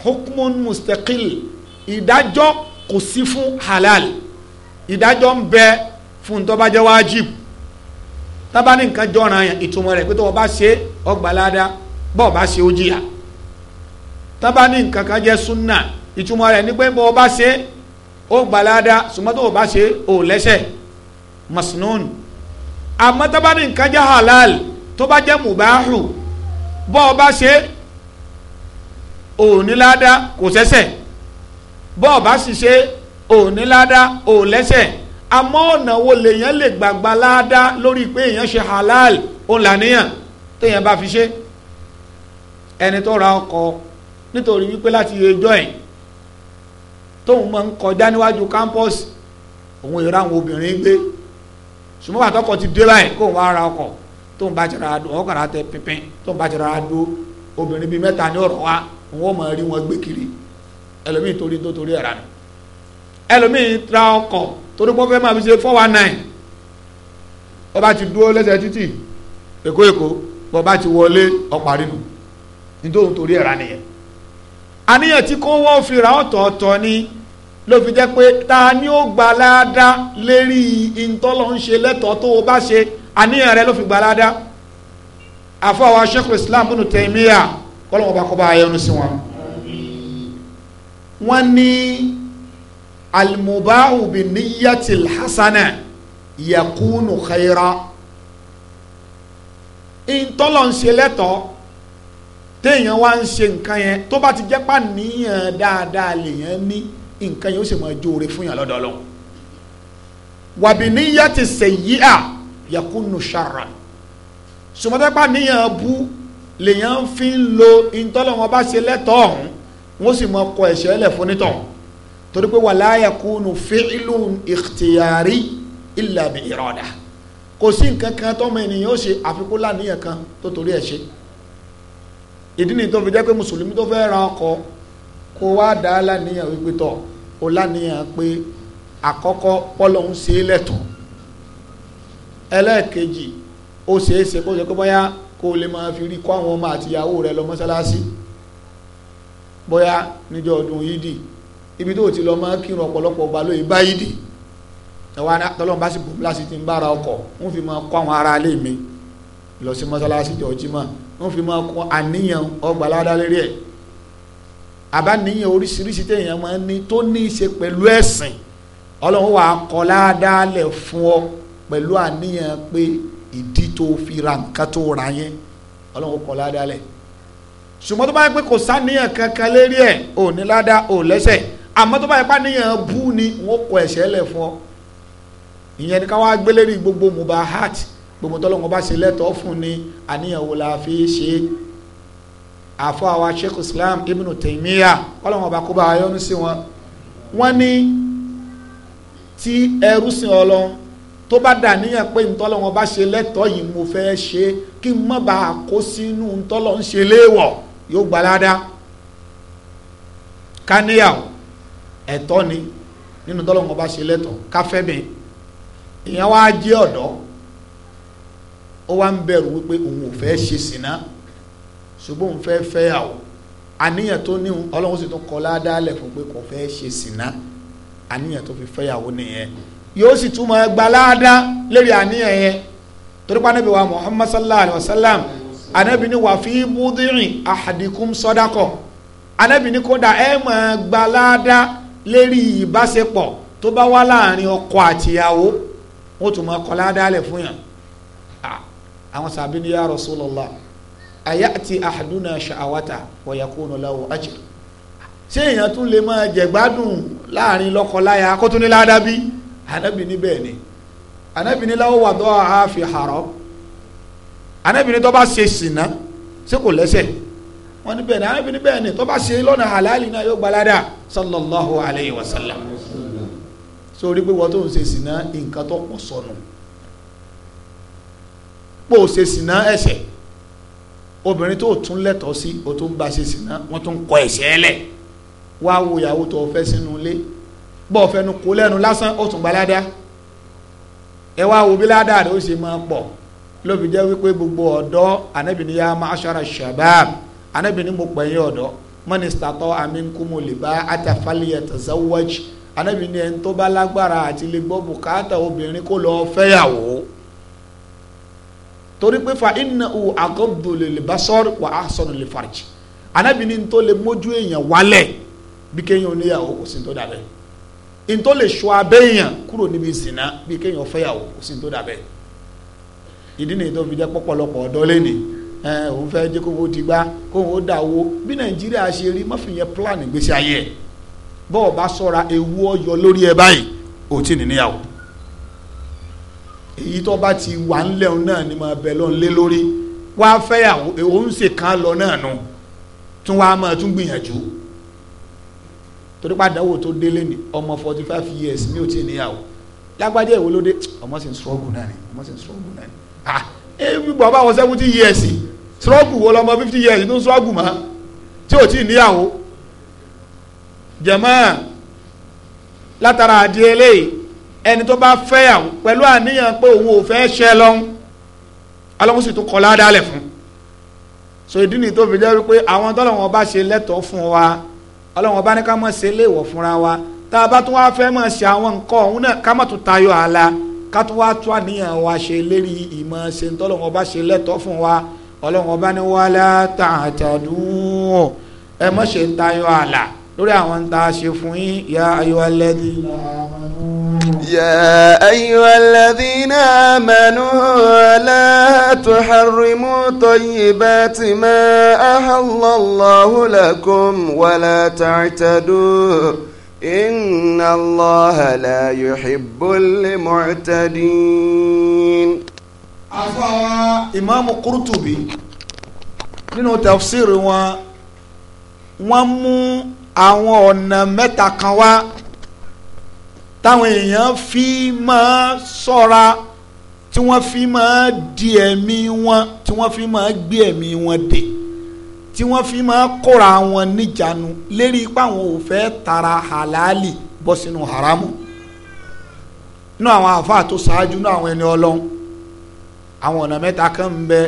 hukmun mustaqil ìdájọ́ kò sí fún halal ìdájọ́ ń bẹ fún ntọ́bajẹ́ wájib tábà ní nǹkan jọ̀ràn yẹn ìtumọ̀ rẹ̀ pé tó o bá ṣe ọgbàládá bọ́ ọ bá ṣe ó jìyà nǹkan kan jẹ́ sunna ìtumọ̀ rẹ̀ ní bọ́ ọ bá ṣe ó gbàládá ṣùgbọ́n bá ṣe ó lẹ́sẹ̀ masnun àmọ́ tábà nǹkan jẹ́ halal tó bá jẹ́ mùbáhù bọ́ ọ bá ṣe òní ládàá kò sẹ́sẹ̀ bọ́ ọ bá sì ṣe òní ládàá ò lẹ́sẹ̀ àmọ́ ọ̀nà wo lèèyàn lè gbàgbà ládàá lórí pé èèyàn ṣe halal òun làníyàn téèyàn bá fi ṣe ẹni tó ra ọkọ̀ nítorí wípé láti ẹjọ́ ẹ̀ tóun máa ń kọjá níwájú kámpọ́ọ̀sì òun ìra obìnrin gbé ṣùgbọ́n àtọkọ̀ ti dé báyìí kóun wá ra ọkọ̀ tó ń bá jẹrọ adó wọn kàrà tẹ pínpín tó ń bá jẹrọ obìnrin bíi mẹ́ta ní ọ̀rọ̀ wa wọn ò mọ̀ rí wọn gbé kiri ẹlòmíì torí tó torí ẹ̀rá nù ẹlòmíì tra ọkọ̀ torí pọ́n fẹ́ máa fi ṣe four one nine ọba ti dúró lẹ́sẹ̀ títì èkó èkó bọ́ba ti wọlé ọ̀pá rinu nítorí torí ẹ̀rá nìyẹn àníyàn tí kò wọ́n fi ra ọ̀tọ̀ọ̀tọ̀ ni ló fi jẹ́ pé ta ni ó gba láàdá lérí ìtọ́lọ́ ń ṣe lẹ́tọ̀ọ́ tó o bá ṣe àníyàn rẹ ló fi gbalada àfọwọ́ Sheikhul Islam ibn Taymiyyah kọ́lọ́wọ́ bá kọ́ bá ayọ́nu sí wọn. wọ́n ní almubahu bi niyatil hasana yakunu khayra ìtọ́lọ̀ ń ṣe lẹ́tọ̀ọ́ téèyàn wá ń ṣe nǹkan yẹn tó bá ti jẹ́ pàníyàn dáadáa lèèyàn ní nǹkan yẹn ó sì máa jóore fún yàn lọ́dọ̀ wàbí níyà sèyí à yakunu sharra sọmọdẹ́pà níyàn bú lèyàn fi ń lo ìtọ́lọ́wọ́n bá ṣe lẹ́tọ̀ ọ̀hún wọ́n sì mọ ọkọ̀ ẹ̀ṣẹ́ lẹ̀ fún nítọ̀ torí pé wala yakunu fi'lu ikhtiyari illa bi irada kò sí nǹkan kan tọ́mọ ènìyàn ó ṣe àfikún láníyàn kan tó torí ẹ̀ ṣe ìdí nìyí tó fi jẹ́ pé mùsùlùmí tó fẹ́ ra ọkọ̀ kó wá dá láníyàn wípé tọ̀ ó láníyàn pé àkọ́kọ́ pọ́lọ́ ń ṣe é lẹ́tọ̀ọ́ ẹlẹ́ẹ̀kejì ó ṣeéṣe kó ṣe pé bóyá kó lè máa fi rí kó àwọn ọmọ àti ìyàwó rẹ lọ mọ́sálásí bóyá níjọ́ ọdún yídì ibi tó ti lọ máa kírun ọ̀pọ̀lọpọ̀ ọgbà lóye bá yídì ẹ̀wá tọ́lọ́n bá sì láti ti ń bára ọkọ̀ ń àwọn ará ilé mi mọ́sálásí jọ ń fi máa kó àníyàn ọgbà pẹ̀lú àníyàn pé ìdí tó fi ra nǹkan tó ra yẹn ọlọ́run kọ́ ládàá lẹ̀ ṣùgbọ́n tó bá yẹ pé kò sáníyàn kankan lérí ẹ̀ ò ní ládàá ò lẹ́sẹ̀ àmọ́ tó bá yẹ pàníyàn bú ni wọ́n kọ ẹ̀ṣẹ̀ lẹ̀ fún ọ ìyẹn ni ká wá gbélé rí gbogbo mubahat gbogbo tọ́lọ́run bá ṣe lẹ́tọ̀ọ́ fún ni àníyàn wo la fi ṣe àfọ àwa sheikh islam ibn taymiya ọlọ́run ọba kó bá a sí wọn wọ́n ní tí ẹrú sìn ọlọ́run tó bá dà níyàn pé ntọ́lọ́ wọn bá ṣe lẹ́tọ́ yìí mo fẹ́ ṣe kí n má bàa kó sínú ntọ́lọ́ ń ṣe léèwọ̀ yóò gbà ládàá káníyàwó ẹ̀tọ́ ni nínú tọ́lọ́ wọn bá ṣe lẹ́tọ̀ káfẹ́mi ìyẹn wá jẹ́ ọ̀dọ́ ó wá ń bẹ̀rù wípé òun ò fẹ́ ṣe sìná ṣùgbọ́n òun fẹ́ fẹ́yàwó àníyàn tó ní ọlọ́run sì tún kọ́ ládàá lẹ̀ fún pé kò fẹ́ ṣe sìná àníyàn tó fi fẹ́yàwó nìyẹn yóò sì túmọ̀ ẹgbà láàdá lérí àníyàn yẹn torí pa anábì wa muhammad sallallahu alayhi wa sallam anábì ní wà fi búdìrín ahadikum sọ́dákọ̀ anábì ní kódà ẹ máa gbà láàdá lérí ìbáṣepọ̀ tó bá wá láàrin ọkọ àtìyàwó wọ́n tún máa kọ́ láàdá lẹ̀ fún yàn ah, àwọn sàbí ni ya Rasulullah ayati ahaduna sha'awata wa yakunu lahu ajr ṣé èèyàn tún lè máa jẹ̀gbádùn láàrin lọ́kọ láya kó tún ní ládàbí anabi ní bẹ́ẹ̀ ni anabi ní láwọn wà tó a fi hàrọ́ anabi ní tó bá ṣe sìnà ṣé kò lẹ́sẹ̀ wọ́n ní bẹ́ẹ̀ ni anabi ní bẹ́ẹ̀ ni tó bá ṣe lọ́nà halali náà yóò gbalada sallallahu alayhi wa sallam sórí pé wọ́n tó ń ṣe sìnà nǹkan tó pọ̀ sọnù pò obìnrin tó tún lẹ́tọ̀ọ́ sí o tó ń bá ṣe sìnà tún kọ ẹ̀ṣẹ̀ ẹlẹ̀ wá wo tó fẹ́ sínú ilé bọ́ọ̀ fẹnu kó lẹ́nu lásán ó tún gba ẹ wá wo bí ládàá gbogbo ọ̀dọ́ anabini ma'ashara shabab anábìnrin mo pẹ̀yìn ọ̀dọ́ man istata'a aminkumul ba'ata falyatazawwaj anábìnrin ẹni tó bá lágbára àti lè gbọ́ bùkátà obìnrin kó lọ fẹ́yàwó torí pé fa tó lè mójú èèyàn wálẹ̀ bí n tó lè sọ abẹ́yàn kúrò níbi ìsìnà bí kéèyàn fẹ́yàwó kò sí n tó dà bẹ́ẹ̀ ìdí nìyí tó fi jẹ́ pọ́pọ́lọpọ̀ ọ̀dọ́ lẹ́nìí ẹ òun fẹ́ jẹ́ kó wo ti gbá kó wo dà wo bí nàìjíríà ṣe rí má fi yẹn plan ìgbésí ayé bọ́ọ̀ bá sọ́ra ewu ọyọ lórí ẹ báyìí ò tí ì níyàwó èyí tó bá ti wà ń lẹ́hùn náà ni máa bẹ̀ lọ́n lé lórí wá fẹ́yàwó òun ṣe kán lọ náà nu tún wá máa tún gbìyànjú torí pàdánwò tó délé ni ọmọ forty five years mi ò tí ì níyàwó lágbájá ìwé lóde ọmọ sì ń struggle náà ni ọmọ sì ń struggle náà ni ah ebi bọ̀ báwọn seventy years struggle wo lọmọ fifty years tó ń struggle mọ́ tí ò tí ì níyàwó jẹ̀mọ́ látara adìẹ lẹ́yìn ẹni tó bá fẹ́yàwó pẹ̀lú àníyàn pé òun ò fẹ́ ṣẹ́ lọ́hún ọlọ́run sì tún kọ́ ládàálẹ̀ fún so ìdí nìyí tó fi jẹ́ wípé àwọn tọ́lọ̀ wọn bá ṣe lẹ́tọ̀ọ́ fún wa ọlọ́run ọba ní ká mọ̀ ṣe léèwọ̀ fúnra wa tá a bá tún wá fẹ́ mọ̀ ṣe àwọn nǹkan ọ̀hún náà ká mọ̀ tún tayọ ààlà ká tún wá tún àníyàn wa ṣe lérí ìmọ̀ ṣe ń tọ́lọ́run ọba ṣe lẹ́tọ́ fún wa ọlọ́run ọba ní wàhálà tààtàdùn ẹ mọ̀ ṣe ń tayọ ààlà lórí àwọn ń ta ṣe fún yín ya ayọ̀ alẹ́ nílò àwọn. يا أيها الذين آمنوا لا تحرموا طيبات ما أحل الله لكم ولا تعتدوا إن الله لا يحب المعتدين afawa إمام Qurtubi nínú tafsir wọn wọ́n mú àwọn ọ̀nà táwọn èèyàn fi máa sọ́ra tí wọ́n fi máa di ẹ̀mí wọn tí wọ́n fi máa gbé ẹ̀mí wọn dè tí wọ́n fi máa kóra wọn níjànú lérí ipá àwọn ò fẹ́ tara halali bọ́ sínú haramu nínú àwọn àáfàá tó ṣáájú nínú àwọn ẹni ọlọ́run àwọn ọ̀nà mẹ́ta kan ń bẹ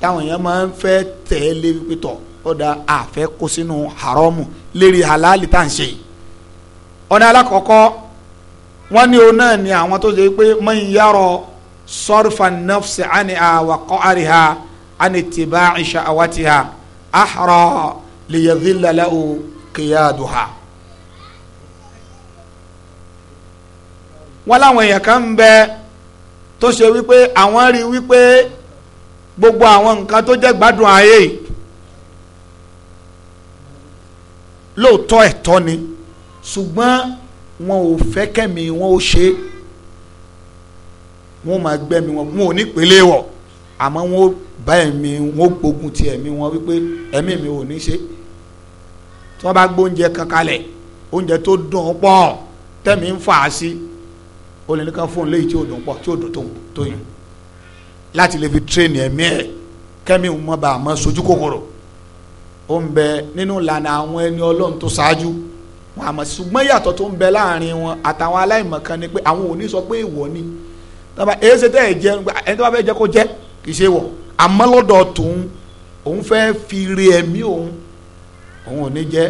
táwọn èèyàn máa ń fẹ́ tẹ̀lé pítọ̀ ọ̀dà àfẹ́ kó sínú haramu lérí halali tá à ń ṣe ọ̀nà alákọ̀ọ́kọ́ wọ́n ní òun náà ni àwọn tó ṣe pé man yarọ sọ́rfà nọ́fṣì àni àwàkọ́ àríhà àni tìbá ìṣà àwátìhà àhọ̀rọ̀ lìyẹ̀dìlẹ̀lẹ̀ ò kìyàdùhà. wọ́n láwọn èèyàn kan ń bẹ tó ṣe wípé àwọn rí wípé gbogbo àwọn nǹkan tó jẹ́ gbádùn ayé lóòótọ́ ẹ̀tọ́ ni ṣùgbọ́n wọn ò fẹ́ kẹ́mi wọn ò ṣe wọn máa gbẹ́mi wọn wọn ò ní pèlè wọ̀ àmọ́ wọn ò bá ẹ̀mí wọn ò gbógun ti ẹ̀mí wọn wípé ẹ̀mí mi ò ní ṣe tí wọ́n bá gbóúnjẹ kankalẹ̀ oúnjẹ tó dùn pọ̀ tẹ̀mí ń fà á sí o lè ní ká fóun léyìí tí ò dùn pọ̀ tí ò dùn tó yùn láti lè fi tírèèni ẹ̀mí ẹ̀ kẹ́mi ò mọ̀ bá a mọ̀ sojú kòkòrò ó ń bẹ nínú ìlànà àwọn ẹni ọlọ́run tó ṣáájú wọn àmọ́ ṣùgbọ́n yàtọ̀ tó ń bẹ láàrin wọn àtàwọn aláìmọ̀kan ni pé àwọn ò ní sọ pé ìwọ ni tọ́ba èyí ṣe tẹ́ ẹ̀ jẹ ẹni tó bá fẹ́ jẹ kó jẹ kì í ṣe wọ̀ àmọ́ lọ́dọ̀ tòun òun fẹ́ fi re ẹ̀mí òun òun ò ní jẹ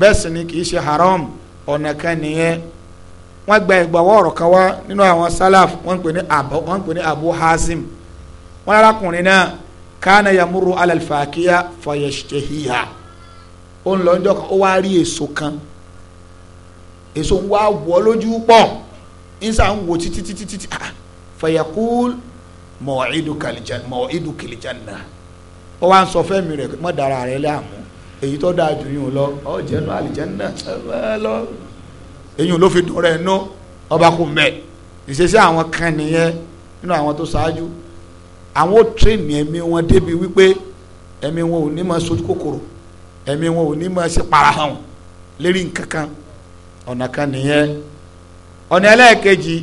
bẹ́ẹ̀ sì ni kì í ṣe haram ọ̀nà kan nìyẹn wọ́n gba ìgbàwọ́ ọ̀rọ̀ kan wá nínú àwọn salaf wọ́n pè ní abu wọ́n pè ní abu hazim wọ́n arákùnrin náà kánà yamuru alalfakiya fayashtahiya ó ń lọ ọjọ́ kan ó wá rí èso kan èso ń wá wọ́ lójú pọ̀ ìsà ń wo títí títí títí fayakul mọ̀ọ́ídù kìlìjánná ó wá ń sọ fẹ́mi rẹ̀ mọ́ dára rẹ̀ láàmú èyí tó dáa jù yín lọ ọ jẹ́nu àlìjánná lọ èyí ló fi dùn rẹ̀ nú ọba kò mẹ́ ìṣesí àwọn kan nìyẹn nínú àwọn tó ṣáájú àwọn ó tírèmì ẹ̀mí wọn débi wípé ẹ̀mí wọn ò ní máa sojú kòkòrò ẹ̀mí wọn ò ní máa ṣe parahàn lérí nǹkan kan ọ̀nà kan nìyẹn mm. ọ̀nà ẹlẹ́ẹ̀kejì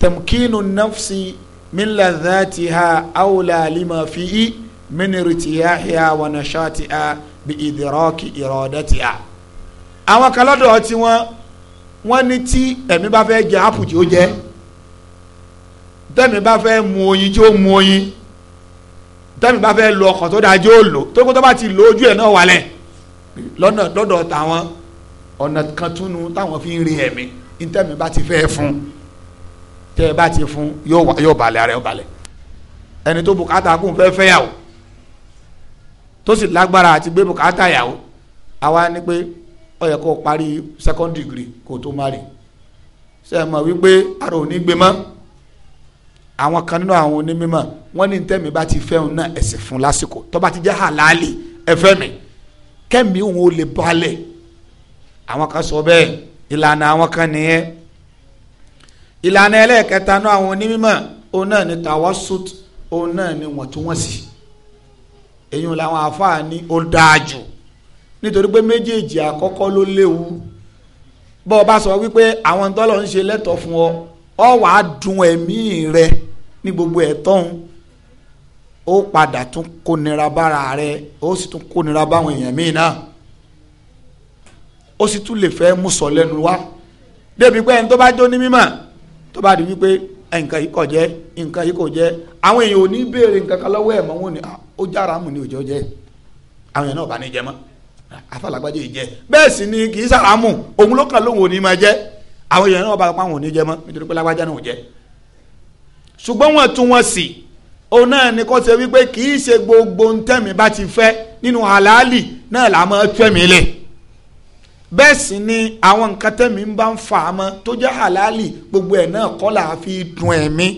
tamkinu nafsi min ladhatiha awla lima fi'i min irtiyahiha wa nashatiha bi idraki iradatiha àwọn kan lọ́dọ̀ tí wọ́n wọ́n ní tí ẹ̀mí bá fẹ́ jẹ ápù tí ó jẹ tẹ́mi bá fẹ́ mu oyin tí ó mu oyin tẹ́mi bá fẹ́ lo ọkọ̀ tó dáa ó lò tó bá ti lo ojú ẹ̀ náà wálẹ̀ lọ́nà lọ́dọ̀ tàwọn ọ̀nà kan túnú táwọn fi ń rin ẹ̀mí ntẹ́mi bá ti fẹ́ fún tẹ́ ẹ bá ti fún yóò balẹ̀ ara yóò balẹ̀ ẹni tó bùkátà kún fẹ́ fẹ́ yàwó tó sì lágbára àti gbé bùkátà yàwó àwa ni pé ó yẹ kó o parí second degree kó tó má rí ṣe é mọ̀ wípé ara ò ní gbé mọ́ àwọn kan nínú àwọn onímọ̀ wọ́n ní ntẹ́mi bá ti fẹ́ òun náà ẹ̀sìn fún lásìkò tó bá ti jẹ́ halali ẹ̀fẹ́ mi kẹ́mi òun ò lè balẹ̀ àwọn kan sọ bẹ́ẹ̀ ìlànà àwọn kan nìyẹn ìlànà ẹlẹ́ẹ̀kẹta náà àwọn onímọ̀ òun náà ni tawasut òun náà ni wọ̀ntúnwọ̀nsì èyí làwọn àfáàní ó dáa jù nítorí pé méjèèjì àkọ́kọ́ ló léwu bọ́ ọ bá sọ wípé àwọn tọ́lọ̀ ń ṣe lẹ́tọ̀ fún ọ ọ wàá dun ẹ̀mí rẹ ní gbogbo ẹ̀tọ́hún ó padà tún kó nira bára rẹ̀ ó sì tún kó nira báwọn èèyàn míì náà ó sì tún lè fẹ́ mú sọ lẹ́nu wá débi pé ẹni tó bá jó ní mímọ̀ tó bá di wípé nǹkan yìí kò jẹ́ nǹkan yìí kò jẹ́ àwọn èèyàn ò ní béèrè nǹkan kan lọ́wọ́ ẹ̀ mọ́ wọn ni ó jára mù ní òjò jẹ́ àwọn èèyàn náà bá ní jẹ mọ́ afọlágbájọ yìí jẹ bẹ́ẹ̀ sì ni kì í sàrámù òun ló kàn lóhùn ò máa jẹ àwọn èèyàn náà bá pa àwọn jẹ mọ́ nítorí pé lágbájá náà ò jẹ ṣùgbọ́n wọ́n tún wọ́n sì òun náà ni kò ṣe wípé gbogbo ntemi bá ti fẹ́ nínú àlàálì náà là máa tẹ́mi lẹ̀ bẹ́ẹ̀ sì ni àwọn nǹkan bá ń fà á mọ́ gbogbo ẹ̀ náà kọ́ là á fi dùn ẹ̀mí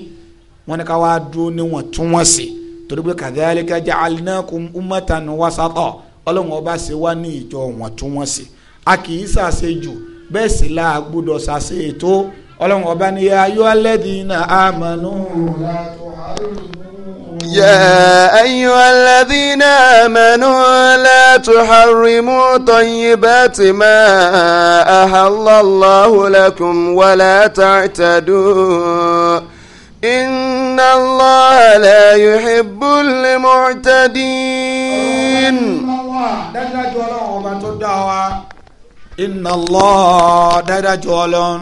wọn ni ká wá dúró níwọ̀ntúnwọ̀nsì torí pé kadhalika ja'alnakum ummatan wasata ọlọ́run ọba ṣe wá ní ìjọ wọ̀ntúnwọ̀nsì a kì í ṣàṣe jù bẹ́ẹ̀ sì la gbọ́dọ̀ يا أيها الذين آمنوا لا تحرموا طيبات ما أحل الله لكم ولا تعتدوا إن الله لا يحب المعتدين إن الله dájú ọlọ́run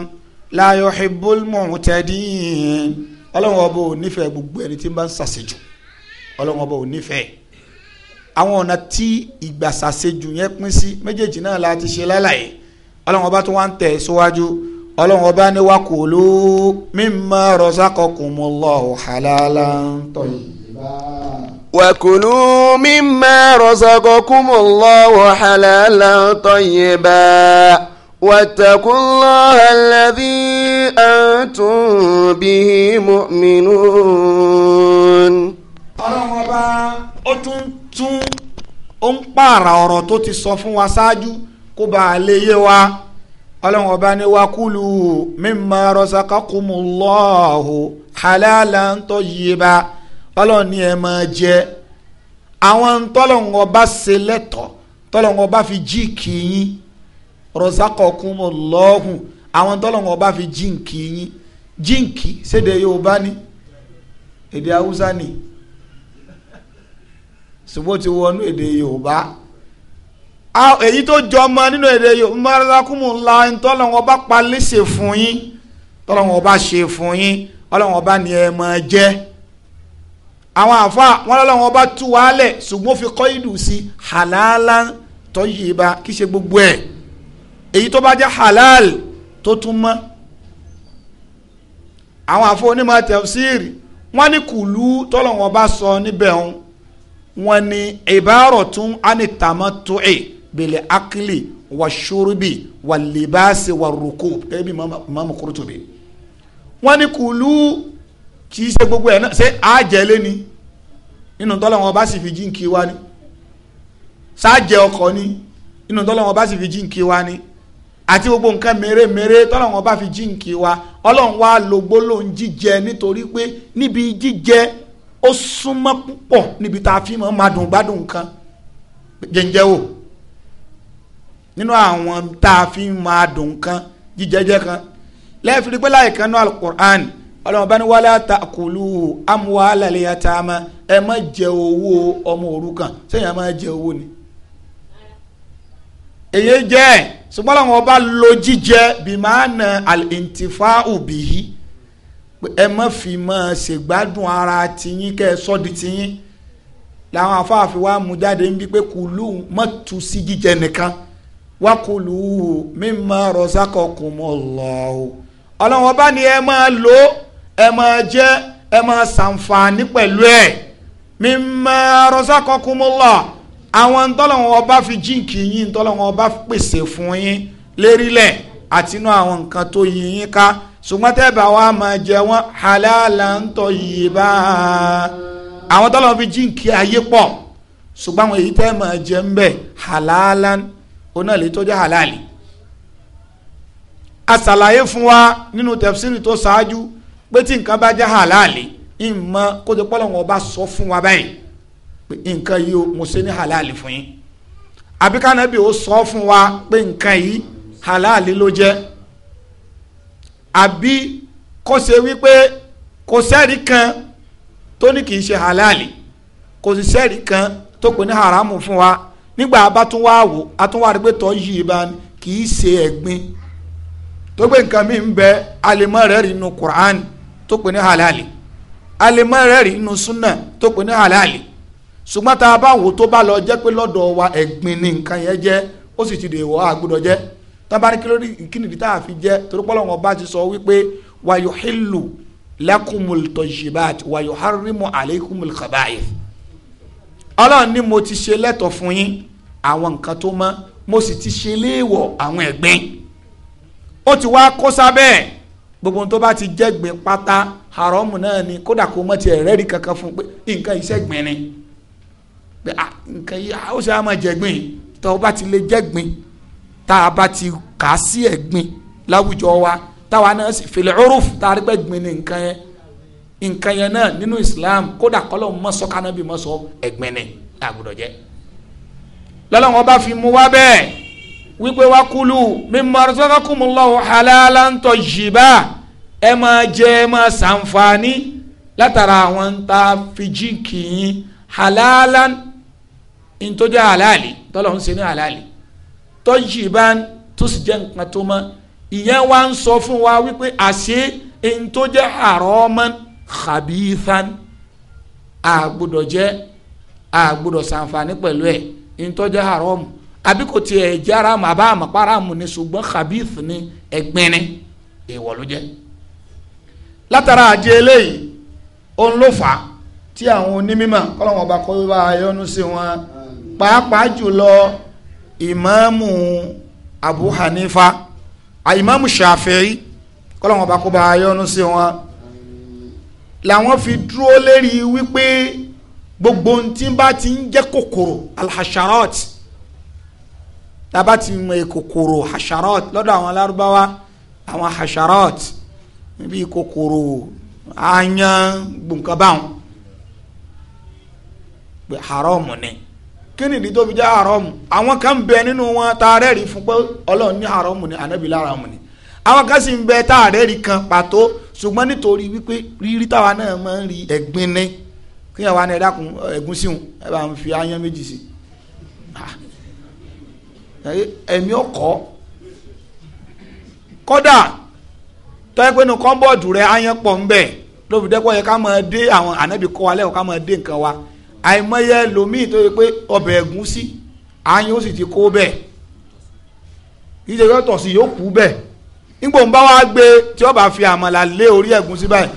la yuhibbul mu'tadin ọlọ́run ọba ò nífẹ̀ẹ́ gbogbo ẹni tí ń bá ń ṣàṣejù ọlọ́wọ́n bò nífẹ̀ẹ́ àwọn ọ̀nà tí ìgbàsàsejù yẹn pín sí méjèèjì náà la ti ṣe lálàyé ọlọ́wọ́n bá tún wá ń tẹ̀ síwájú ọlọ́wọ́n bá ní wa kulu mimma razaqakumullahu halalan tayyiba. wa kulu mimma razaqakumullahu halalan tayyiba. واتقوا الله الذي أنتم به مؤمنون ọlọ́run ọba ó tún tún ó ń pààrà ti sọ fún wa ṣáájú kó bá a lè yé wa ọlọ́run ọba ní wakulu mimma razaqakumullahu halalan tayyiba ọlọ́run ni ẹ máa jẹ àwọn tọ́lọ́run ọba ṣe lẹ́tọ̀ọ́ tọ́lọ́run ọba fi jí kìíyín razaqakumullahu àwọn tọ́lọ́run ọba ni èdè haúsá ni ṣùgbọ́n ti wọnú èdè yorùbá èyí tó jọmọ nínú èdè yorùbá mọ́lákùmù ńlá ntọ́lọ́wọ́n bá palẹ́sè fún yín tọ́lọ́wọ́n bá ṣe fún yín ọlọ́wọ́n bá ní ẹ máa jẹ àwọn àfa wọn lọ́wọ́n bá tú wálẹ̀ ṣùgbọ́n fi kọ́ ìlú sí halala tọ́yìíba kì í ṣe gbogbo ẹ̀ èyí tó bá jẹ́ halal tó tún mọ́ àwọn àfọ onímọ̀ tẹ̀síìrì wọ́n ní kùlú tọ́lọ́wọ́n bá sọ níbẹ̀ ọ̀hún wọ́n ní ibaratun ani tamattu'i bil akli wa shurbi wa libasi wa rukub gẹ́gẹ́ bí mamu Qurtubi wọ́n ní kùlù kì í ṣe gbogbo ẹ̀ náà ṣé àjẹlé ni nínú tọ́lá wọn bá sì fi jíǹkì wá ni ṣáàjẹ ọkọ ni nínú tọ́lá wọn bá sì fi jíǹkì wá ni àti gbogbo nǹkan mèremère tọ́lá wọn bá fi jíǹkì wá ọlọ́run wá lo gbólóhùn jíjẹ nítorí pé níbi jíjẹ ó súnmọ́ púpọ̀ níbi tá a fi mọ́ madùn gbádùn nǹkan jẹ́njẹ́ wò nínú àwọn tá a fi máa dùn nǹkan jíjẹjẹ kan lẹ́ẹ̀fìrí pé láì kan alukur'an ọlọ́run bá ní wala ta'kulu amwala al-yatama ẹ má jẹ owó ọmọ òrukàn sẹ́yìn ẹ má jẹ owó ni. èyí jẹ́ ṣùgbọ́n àwọn ọba lo jíjẹ bìmánà al-intifa'u bihi ẹ má fi máa ṣègbádùn ara tiyín kẹ́ ẹ sọ́ di tiyín làwọn afáàfin wa mú jáde ń bí pé kùlù mọ́tò sí jíjẹ nìkan wá kùlù mimma razaqakumullahu ọlọ́wọ́n bá ní ẹ máa lò ẹ máa jẹ ẹ máa ṣàǹfààní pẹ̀lú ẹ̀ mimma razaqakumullah àwọn ntọ́lọ́wọ́n ọba fi jíǹkì yín ntọ́lọ́wọ́n ọba pèsè fún yín lérílẹ̀ àtinú àwọn nǹkan tó yin yín ká ṣùgbọ́n tẹ́ẹ̀bà wa máa jẹ wọ́n halalan tayyiba àwọn tọ́lọ́ fi jíǹkì ayé pọ̀ ṣùgbọ́n àwọn èyí tẹ́ẹ̀ máa jẹ ń bẹ̀ halalan onáàlè tó jẹ́ halali. a ṣàlàyé fún wa nínú tẹ̀fsírì tó ṣáájú pé tí nǹkan bá jẹ́ halali ìmọ̀ kó tó pọ́lọ́ wọn bá sọ fún wa báyìí pé nǹkan yìí o mo ṣe ní halali fún yín àbíkánábì ó sọ fún wa pé nǹkan yìí halali ló jẹ́ àbí kó se wípé kò sẹ́ẹ̀rí kan tó ní kì í ṣe halali kò sì sẹ́ẹ̀rí kan tó pè ní haramu fún wa nígbà bá wò a tún yìí bá kì í ṣe ẹ̀gbin tó gbé nǹkan mi ń bẹ alimọ́ rẹ̀ rí inú Qur'an tó pè ní halali rí sunna tó pè ní halali ṣùgbọ́n tá wa ẹ̀gbin ni nǹkan yẹn jẹ́ ó sì tábàárí kílódì kínìdí tá a fi jẹ torí pé Ọlọ́hun Ọba ti sọ wípé wa yuhillu lakumul tayyibat wa yuharrimu alaykumul khaba'ith ọlọ́run ní mo ti ṣe lẹ́tọ̀ fún yín àwọn nǹkan tó mọ́ mo sì ti ṣe léèwọ̀ àwọn ẹ̀gbin ó ti wá kó sábẹ́ gbogbo tó bá ti jẹ́gbin pátá haramu náà ni kódà kó mọ́ ti ẹ̀rẹ́rì kankan fún pé nǹkan ìṣẹ́gbin ni ah, nǹkan yìí ó ṣe á máa tó bá ti lè jẹ́gbin tá a bá ti kà á sí ẹ̀gbin láwùjọ wa táwa náà sì fèlè uruf tá gbin ní nǹkan yẹn nǹkan yẹn náà nínú Islam kódà kọ́lọ́ mọ́sọ́ kánábì mọ́sọ́ ẹ̀gbin ni àgùdọ̀ jẹ́ lọ́lọ́wọ́n bá fi mú wá bẹ́ẹ̀ wípé wá kúlù mimma razaqakumullahu halalan tayyiba ẹ máa jẹ ẹ máa ṣàǹfààní látara àwọn ń ta fìjì kìí halalan ntọ́jà halali tọ́lọ́ ń ṣe ní halali tọ́jì bá ń tó sì jẹ́ nǹkan tó mọ́ ìyẹn wá ń sọ fún wa wípé àṣé ẹni tó jẹ́ haraman khabithan àgbọ́dọ̀ jẹ́ àgbọ́dọ̀ sàǹfààní pẹ̀lú ẹ̀ ẹni tó jẹ́ haram àbí kò tiẹ̀ jẹ́ aramu àbá àmàpá ni ṣùgbọ́n khabith ni ẹ̀gbin ni èèwọ̀ ló jẹ́ látara àjẹ eléyìí òun ló fà á tí àwọn onímọ̀ kọ́lọ́wọ́n ọba bá yọnu sí wọn pàápàá jùlọ ìmáàmù abu hanifa àìmáàmù shafi'i kọ́lọ́wọ́n bá kó bá yọ́nú sí wọn làwọn fi dúró lérí wípé gbogbo ohun tí bá ti ń jẹ́ kòkòrò alhasharat tába mọ kòkòrò hasharat lọ́dọ̀ àwọn alárúbáwá àwọn hasharat bíi kòkòrò àyàn gbòǹkà báwọn pé haramu ni kí nìdí tó fi jẹ́ àrọ́mù àwọn kan bẹ nínú wọn tá a rẹ́rìí fún pé ọlọ́run ní àrọ́mù ni ànábì lára mu ni àwọn kan sì ń bẹ tá a rẹ́rìí kan pàtó ṣùgbọ́n nítorí wípé rírí táwa náà máa ń rí ẹ̀gbin ní kí ẹ̀ wá ní ẹ̀dákun ẹ̀gúsí hun ẹ̀ bá ń fi ayán méjì sí ah. ẹ̀mí ọkọ̀ kódà tọ́yẹ́ pé nu kọ́ńbọ̀dù rẹ̀ ayán pọ̀ ń bẹ̀ lóbi dẹ́kọ̀ yẹ ká máa dé àwọn ànábì kọ́ wa lẹ́kọ̀ọ́ ká máa dé nǹkan wa àìmọye ẹlòmíì tó yẹ pé ọbẹ̀ ẹ̀gúsí àyàn ó ti kó bẹ́ẹ̀ ìṣe yóò tọ̀ sí yóò kú bẹ́ẹ̀ nígbà òun bá wá gbé tí ó fi àmàlà lé orí ẹ̀gúsí báyìí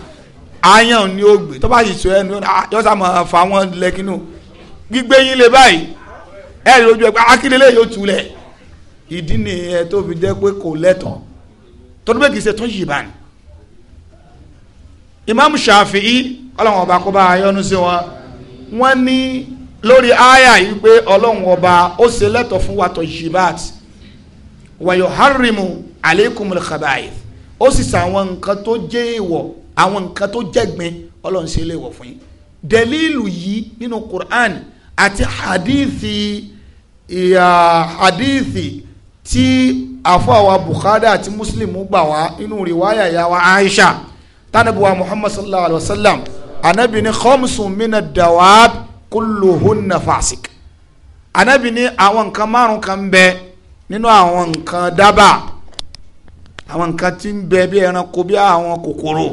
àyàn ni ó gbé tó yìí sọ ẹnu ah, yọ́sà gbígbé yín lé báyìí ẹ̀ lójú ẹ̀ pé akíndélé ah, yóò ìdí tó fi jẹ́ pé kò lẹ́tọ̀ọ́ tọdún wọ́n ní lórí àyà yìí pé ọlọ́run ọba ó ṣe lẹ́tọ̀ fún wa tọ́jìbát wàyọ̀ harimu aleikum khabaith ó sì sàn àwọn nǹkan tó jẹ́ èèwọ̀ àwọn nǹkan tó jẹ́gbin ọlọ́run ṣe léèwọ̀ fún yín dẹ́lílù yìí nínú Qur'an àti hadithi ìyá hadithi tí àfọwà Bukada àti Muslim gbà wá inú rìwáyà yà wá Aisha tánàbùwà Muhammad sallallahu alayhi wa sallam anabi ni khamsun mina dawab kulluhunna fasik anabi ni àwọn nǹkan márùn kan bẹ nínú àwọn nǹkan dábàá àwọn nǹkan tí ń bẹ bí ẹranko bí àwọn kòkòrò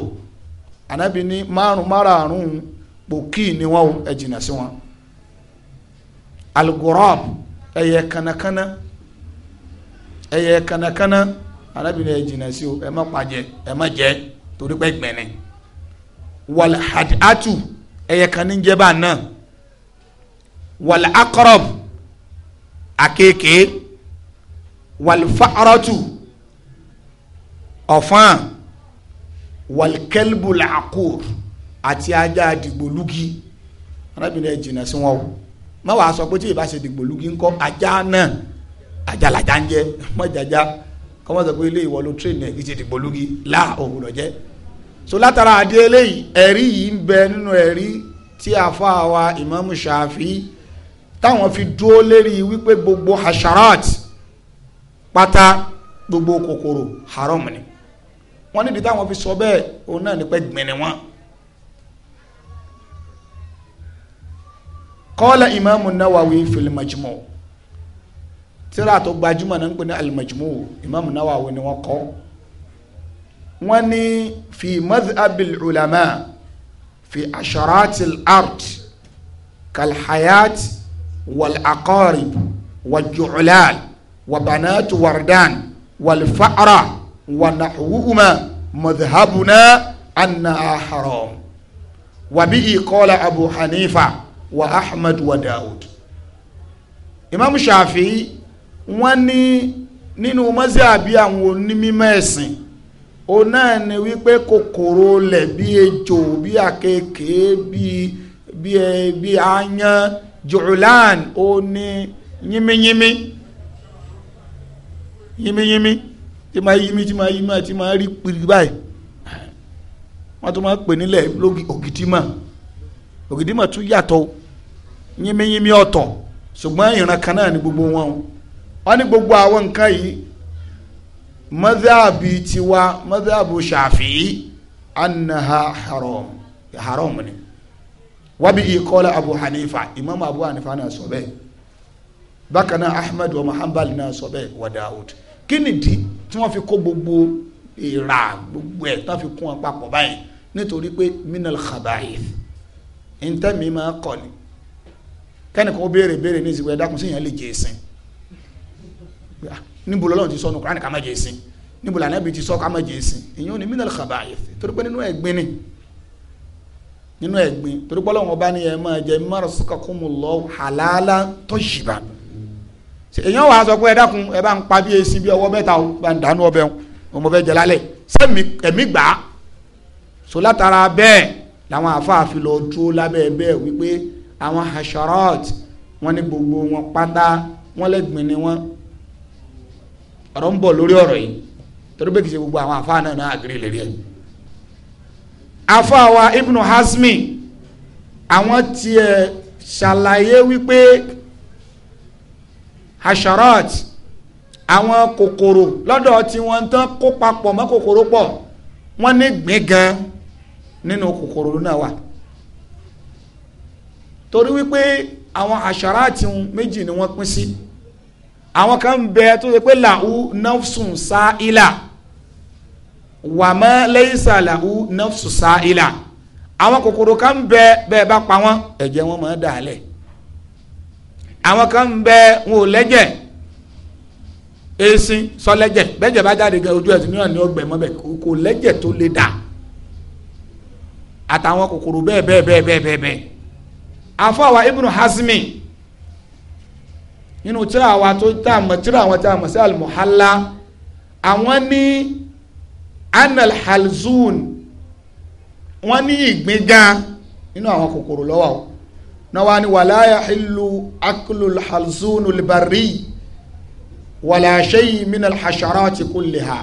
anabi ni márùn márààrún pòkì ni wọn ò ẹ jìnnà sí wọn algurab ẹyẹ kanakana ẹyẹ kanakana anabi ni ẹ jìnnà o ẹ má pàjẹ ẹ má jẹ torí pé gbẹ̀nẹ̀ walhadatu ẹyẹ kan ní jẹba náà walakorob akeke walfaaratu ọ̀fọ̀n walkelbulakur àti ajá dìgbòlugi arábìnrin ẹ̀ jìnnà sí wọn o má wàá sọ pé tí ìbá ṣe dìgbòlugi ńkọ ajá náà ajá làjá ń jẹ mọ́jàjá kọ́mọ́sọ̀ pé ilé ìwọ ló tírèènì ẹ̀ kì í ṣe dìgbòlugi láà so látara àdé eléyìí ẹ̀rí yìí ń bẹ nínú ẹ̀rí tí àfáà wa ìmáàmù ṣàfi táwọn fi dúró lérí wípé gbogbo hasharat pátá gbogbo kòkòrò haram ni wọ́n nídìí táwọn fi sọ bẹ́ẹ̀ òun náà ní pẹ́ gbìnrín wọn. kọ́lá ìmáàmù Nawawi fil Majmu' tíra tó gbajúmọ̀ náà ń pè ní al-Majmu' ìmáàmù Nawawi ni wọ́n kọ́ wọ́n ní fi madhabil ulama fi asharatil ard kalhayat wal aqarib wal ju'lal wa banat wardan wal fa'ra wa nahwuhuma madhhabuna annaha haram wa bihi qala abu hanifa wa ahmad wa daud imam shafi'i wọ́n ní nínú mọ́sí àwọn onímọ̀ ẹ̀sìn o náà ni wípé kòkòrò lẹ̀ bí ejò bí àkekè bí bí bí ayan jùlán ó ní yínmíyínmí yínmíyínmí tí máa yínmí tí máa yínmí tí máa rí pìrì báyìí wọ́n tún máa pè nílẹ̀ lógi ògidìmọ̀ ògidìmọ̀ tún yàtọ̀ yínmíyínmí kan náà ni gbogbo wọn wọ́n ní gbogbo àwọn nǹkan yìí madhabi tiwa madhabu shafi'i annaha haram haram ni wabi ikola abu hanifa imam abu hanifa náà sọ bẹ́ẹ̀ bákan náà ahmed wa muhammad náà sọ bẹ́ẹ̀ wa daud kí nìdí tí wọ́n fi kó gbogbo ìrà gbogbo ẹ̀ tán fi kún ọ papọ̀ báyìí nítorí pé minal khaba'ith ntẹ́mi máa kọ̀ ni kẹ́nìkan ó béèrè béèrè ní ìsìnkú ẹ̀dá kùn sí yẹn lè jẹ́ ẹ̀sìn níbo lọ́lọ́run ti sọ nu Kùránì ká má jẹ́ ìsìn níbo ti sọ ká má jẹ́ ìsìn ìyẹn ni minal khaba'ith torí pé nínú ẹ̀gbin ni nínú ẹ̀gbin torí pé Ọlọ́run ọba ni ẹ máa jẹ marzaqakumullahu halalan tayyiban èyàn wàá sọ pé ẹ dákun ẹ bá ń pa bí esi bí ọwọ́ mẹ́ta o bá ń dànù ọbẹ̀ o mo fẹ́ jẹ lálẹ́ sẹ́mi ẹ̀mí gbà á so látara bẹ́ẹ̀ làwọn àfààfin lọ dúró lábẹ́ bẹ́ẹ̀ wípé àwọn hasharat wọn ní gbogbo wọn pátá wọn lẹ́gbìn ni wọn ọ̀rọ̀ ń bọ̀ lórí ọ̀rọ̀ yìí torí bẹ́ẹ̀ kì í ṣe gbogbo àwọn àfa náà náà àgírí lè rí ẹ̀. àfa wa Ibn Hasmi, àwọn tiẹ̀ ṣàlàyé wípé hasharat àwọn kòkòrò lọ́dọ̀ tí wọ́n ń tán kó papọ̀ mọ́ kòkòrò pọ̀ wọ́n ní gbìn gan nínú kòkòrò náà wà torí wípé àwọn hasharat méjì ni wọ́n pín sí. Si àwọn kan ń bẹ tó ṣe pé làwù nafsun sa ilà wàmọ́ laysa làwù nafsun sa ilà àwọn kòkòrò kan ń bẹ bẹ́ẹ̀ bá pa wọ́n ẹ̀jẹ̀ wọn máa dà lẹ̀ àwọn kan ń bẹ wọn ò lẹ́jẹ̀ èsì sọlẹ́jẹ̀ bẹ́jẹ̀ bá jáde gan ojú ẹ̀sìn níwọ̀n ní ọgbẹ̀ mọ́bẹ̀ kò lẹ́jẹ̀ tó lè dà àtàwọn kòkòrò bẹ́ẹ̀ bẹ́ẹ̀ bẹ́ẹ̀ bẹ́ẹ̀ bẹ́ẹ̀ bẹ́ẹ̀ àfọwà Ibnu Hazmi nínú tíra àwa tó tá a mọ̀ tíra àwọn tá a mọ̀ sí alimuhala àwọn ní anal halzun wọ́n ní ìgbín gan nínú àwọn kòkòrò lọ́wọ́ o náà wá ní wàláyà ìlú akulu halzun libari wàláṣẹ́yì minal hasharati kulliha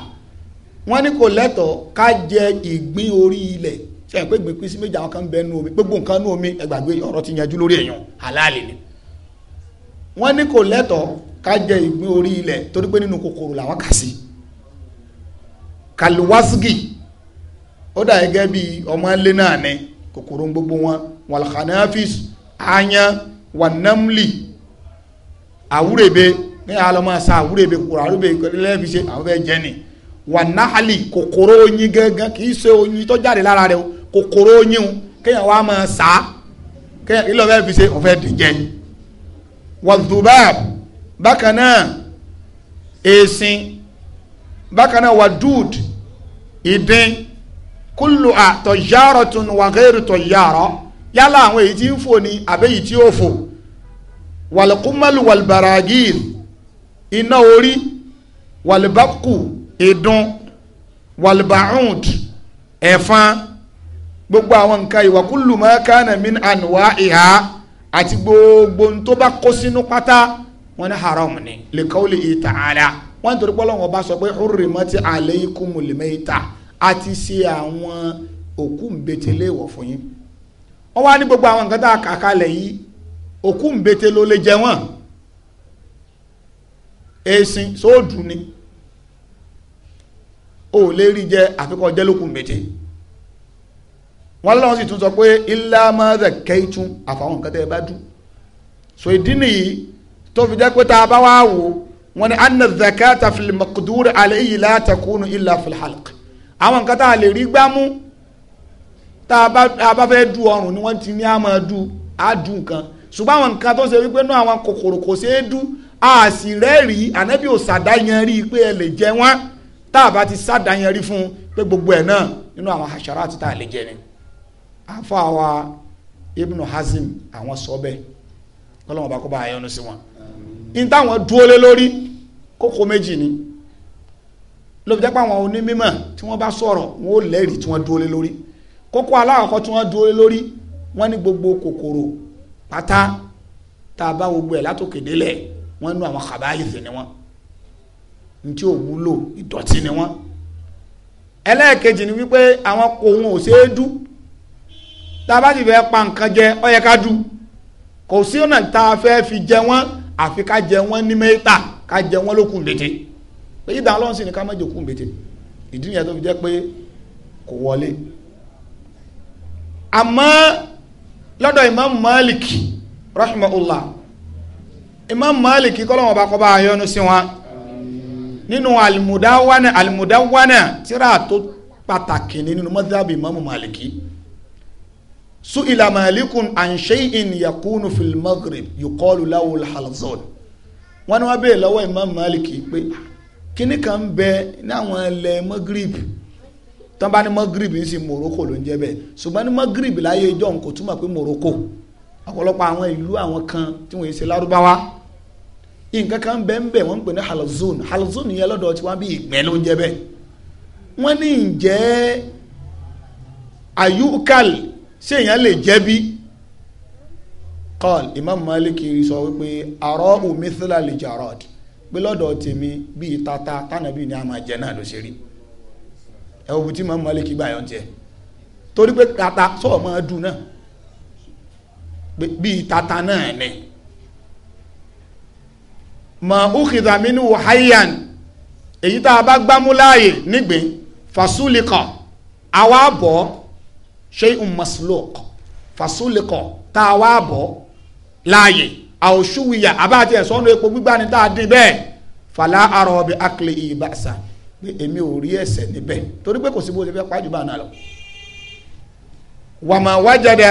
wọ́n ní kò lẹ́tọ̀ọ́ ká jẹ ìgbín orí ilẹ̀ ṣe é pé ìgbín sí méjì àwọn kan bẹ́ẹ̀ nú omi gbogbo nǹkan nú omi ẹgbàgbé ọ̀rọ̀ ti yanjú lórí èèyàn halali ni wọ́n ní kò lẹ́tọ̀ọ́ ká jẹ ìgbín orí ilẹ̀ torí pé nínú kòkòrò làwọn kà sí kàlùwásígì ó dà gẹ́gẹ́ bí ọmọ ilé náà ni kòkòrò gbogbo wọn wàlhànáfíìs anya wànámlì àwúrèbe ní àlọ́mọ sa àwúrèbe kòkòrò àwúrèbe lẹ́yìn fi ṣe àwọn fẹ́ jẹ ni wànáhàlì kòkòrò oyin gángan kì í ṣe oyin tó jáde lára rẹ o kòkòrò oyin o kéèyàn wá máa sá kéèyàn kí fi ṣe ọ̀fẹ́ dìjẹ́ wàdùbáàb bákan náà èsìn bákan náà wàdúùd ìdín kúlù àtọ̀yàrọ̀ tún wàgẹ́rù tọ̀yàrọ̀ yálà àwọn èyí tí ń fò ní àbẹ́yìí tí ó fò wàlùkúmọ́lù wàlùbàràgìl iná orí wàlùbákù ìdun wàlùbàhùnd ẹ̀fọn gbogbo àwọn nǹkan ìwàkúlù mọ́ kánà min ànúwà ìhà àti gbogbo ohun tó bá kó sínú pátá wọn ní haram ni lèkọ́ lè ìta àlà wọn nítorí pé Ọlọ́hun bá sọ pé hurrimat alaykumul mayta àti ṣe àwọn òkú ńbete léèwọ̀ fún yín wọ́n wá ní gbogbo àwọn nǹkan tá a kà kalẹ̀ yìí òkú ńbete ló lè jẹ wọ́n èsìn sóòdù ni o ò lè rí jẹ àfikọ́ jẹ́lókùn ńbete. So wọ́n lọ́wọ́ sì tún sọ pé ilá mọ́tẹ̀ kẹ́ẹ̀tún àfàwọn nǹkan tẹ́ ẹ bá dùn so ìdí nìyí tó fi jẹ́ pé tá a bá wá wò wọ́n ní anna zakata fil maqdur alayhi la takunu illa fil halq àwọn nǹkan tá a lè rí gbámú tá a bá fẹ́ du ọrùn ni wọ́n ti ní àmọ́ du àdùn nǹkan ṣùgbọ́n àwọn nǹkan tó ṣe wípé náà àwọn kòkòrò kò ṣeé du a sì rẹ́rìí ànábì ò sàdáyan rí i pé ẹ lè jẹ wọ́n tá a bá ti sàdáyan rí fún pé gbogbo ẹ̀ náà nínú àwọn àṣàrà àti tá a lè jẹ ni. Afaawa ibnu hazim àwọn sọ bẹ́ẹ̀ kọ́lọ́mọba kó bá ayọ́nu sí wọn. n táwọn dúró lé lórí kókó méjì ni lóbi jẹ́ pé àwọn onímọ̀ tí wọ́n bá sọ̀rọ̀ wọn ò lẹ́rìí tí wọ́n dúró lé lórí kókó aláwọ̀kọ́ tí wọ́n dúró lé lórí wọ́n ní gbogbo kòkòrò pátá tá a bá gbogbo ẹ̀ látòkè délẹ̀ wọ́n nú àwọn kàbáyìí ni wọ́n ní tí ò wúlò ìdọ̀tí ni wọ́n ẹlẹ́ẹ̀kejì ni wípé àwọn kò wọn ò ṣeé dú tá a bá sì fẹ́ pa nǹkan jẹ ó yẹ ká dù kò sí ọ̀nà tá a fẹ́ fi jẹ wọ́n àfi ká jẹ wọ́n ní mẹ́ta ká jẹ wọ́n lókun bété èyí dáhùn lọ́sìn ni ká má jòkun bété ìdí nìyẹn tó fi jẹ́ pé kò wọlé àmọ́ lọ́dọ̀ Imam Malik rahimahullah Imam Malik kọ́lọ́wọ́n bá kọ́ bá yọnu sí wọn nínú alimudawana alimudawana tíra tó pàtàkì nínú madhab Imam Maliki su ila malikun an shay'in yakunu fil maghrib yuqalu lahu al halzon wọ́n ní wọ́n bèèrè lọ́wọ́ imam maliki pé kíní kan ń bẹ ní àwọn ilẹ̀ maghrib tán bá ní maghrib ń sin morocco ló ń jẹ́ bẹ́ẹ̀ ṣùgbọ́n ní maghrib láyé ìjọ kò túmọ̀ pé morocco ọ̀pọ̀lọpọ̀ àwọn ìlú àwọn kan tí wọ́n yẹ ṣe lárúbáwá kan bẹ́ẹ̀ ń bẹ̀ wọ́n ń halzon halzon yẹn lọ́dọ̀ tí wọ́n bí ìgbẹ́ ló ń jẹ́ bẹ́ẹ̀ wọ́n ní ayukal ṣé èèyàn lè jẹ̀bi kọ́l imam malik sọ wípé àrọ́ omithila lè jarod pé lọ́dọ̀ tèmi bíi tata tánàbí ni a máa jẹ náà ló ṣe rí ẹ̀wọ̀n bùtí imam malik gbà yọ̀ ń jẹ torí pé tata sọ̀rọ̀ máa dùn náà bíi tata náà ni ma ukhidha minhu hayyan èyí tá a bá gbámú láàyè nígbìn fasulikọ àwa bọ̀ ọ́ shay'un masluq fasulikọ tá a wá bọ̀ láàyè àwòṣùwìyà abáàtì ẹ̀ sọ́nà epo gbígbá ni tá a dín bẹ́ẹ̀ fàlà àrọ̀ bí akele ìbàṣà pé èmi ò rí ẹ̀ṣẹ̀ níbẹ̀ torí pé kò sí bó ṣe fẹ́ pàjù bá a nà lọ. wàmà wájàdà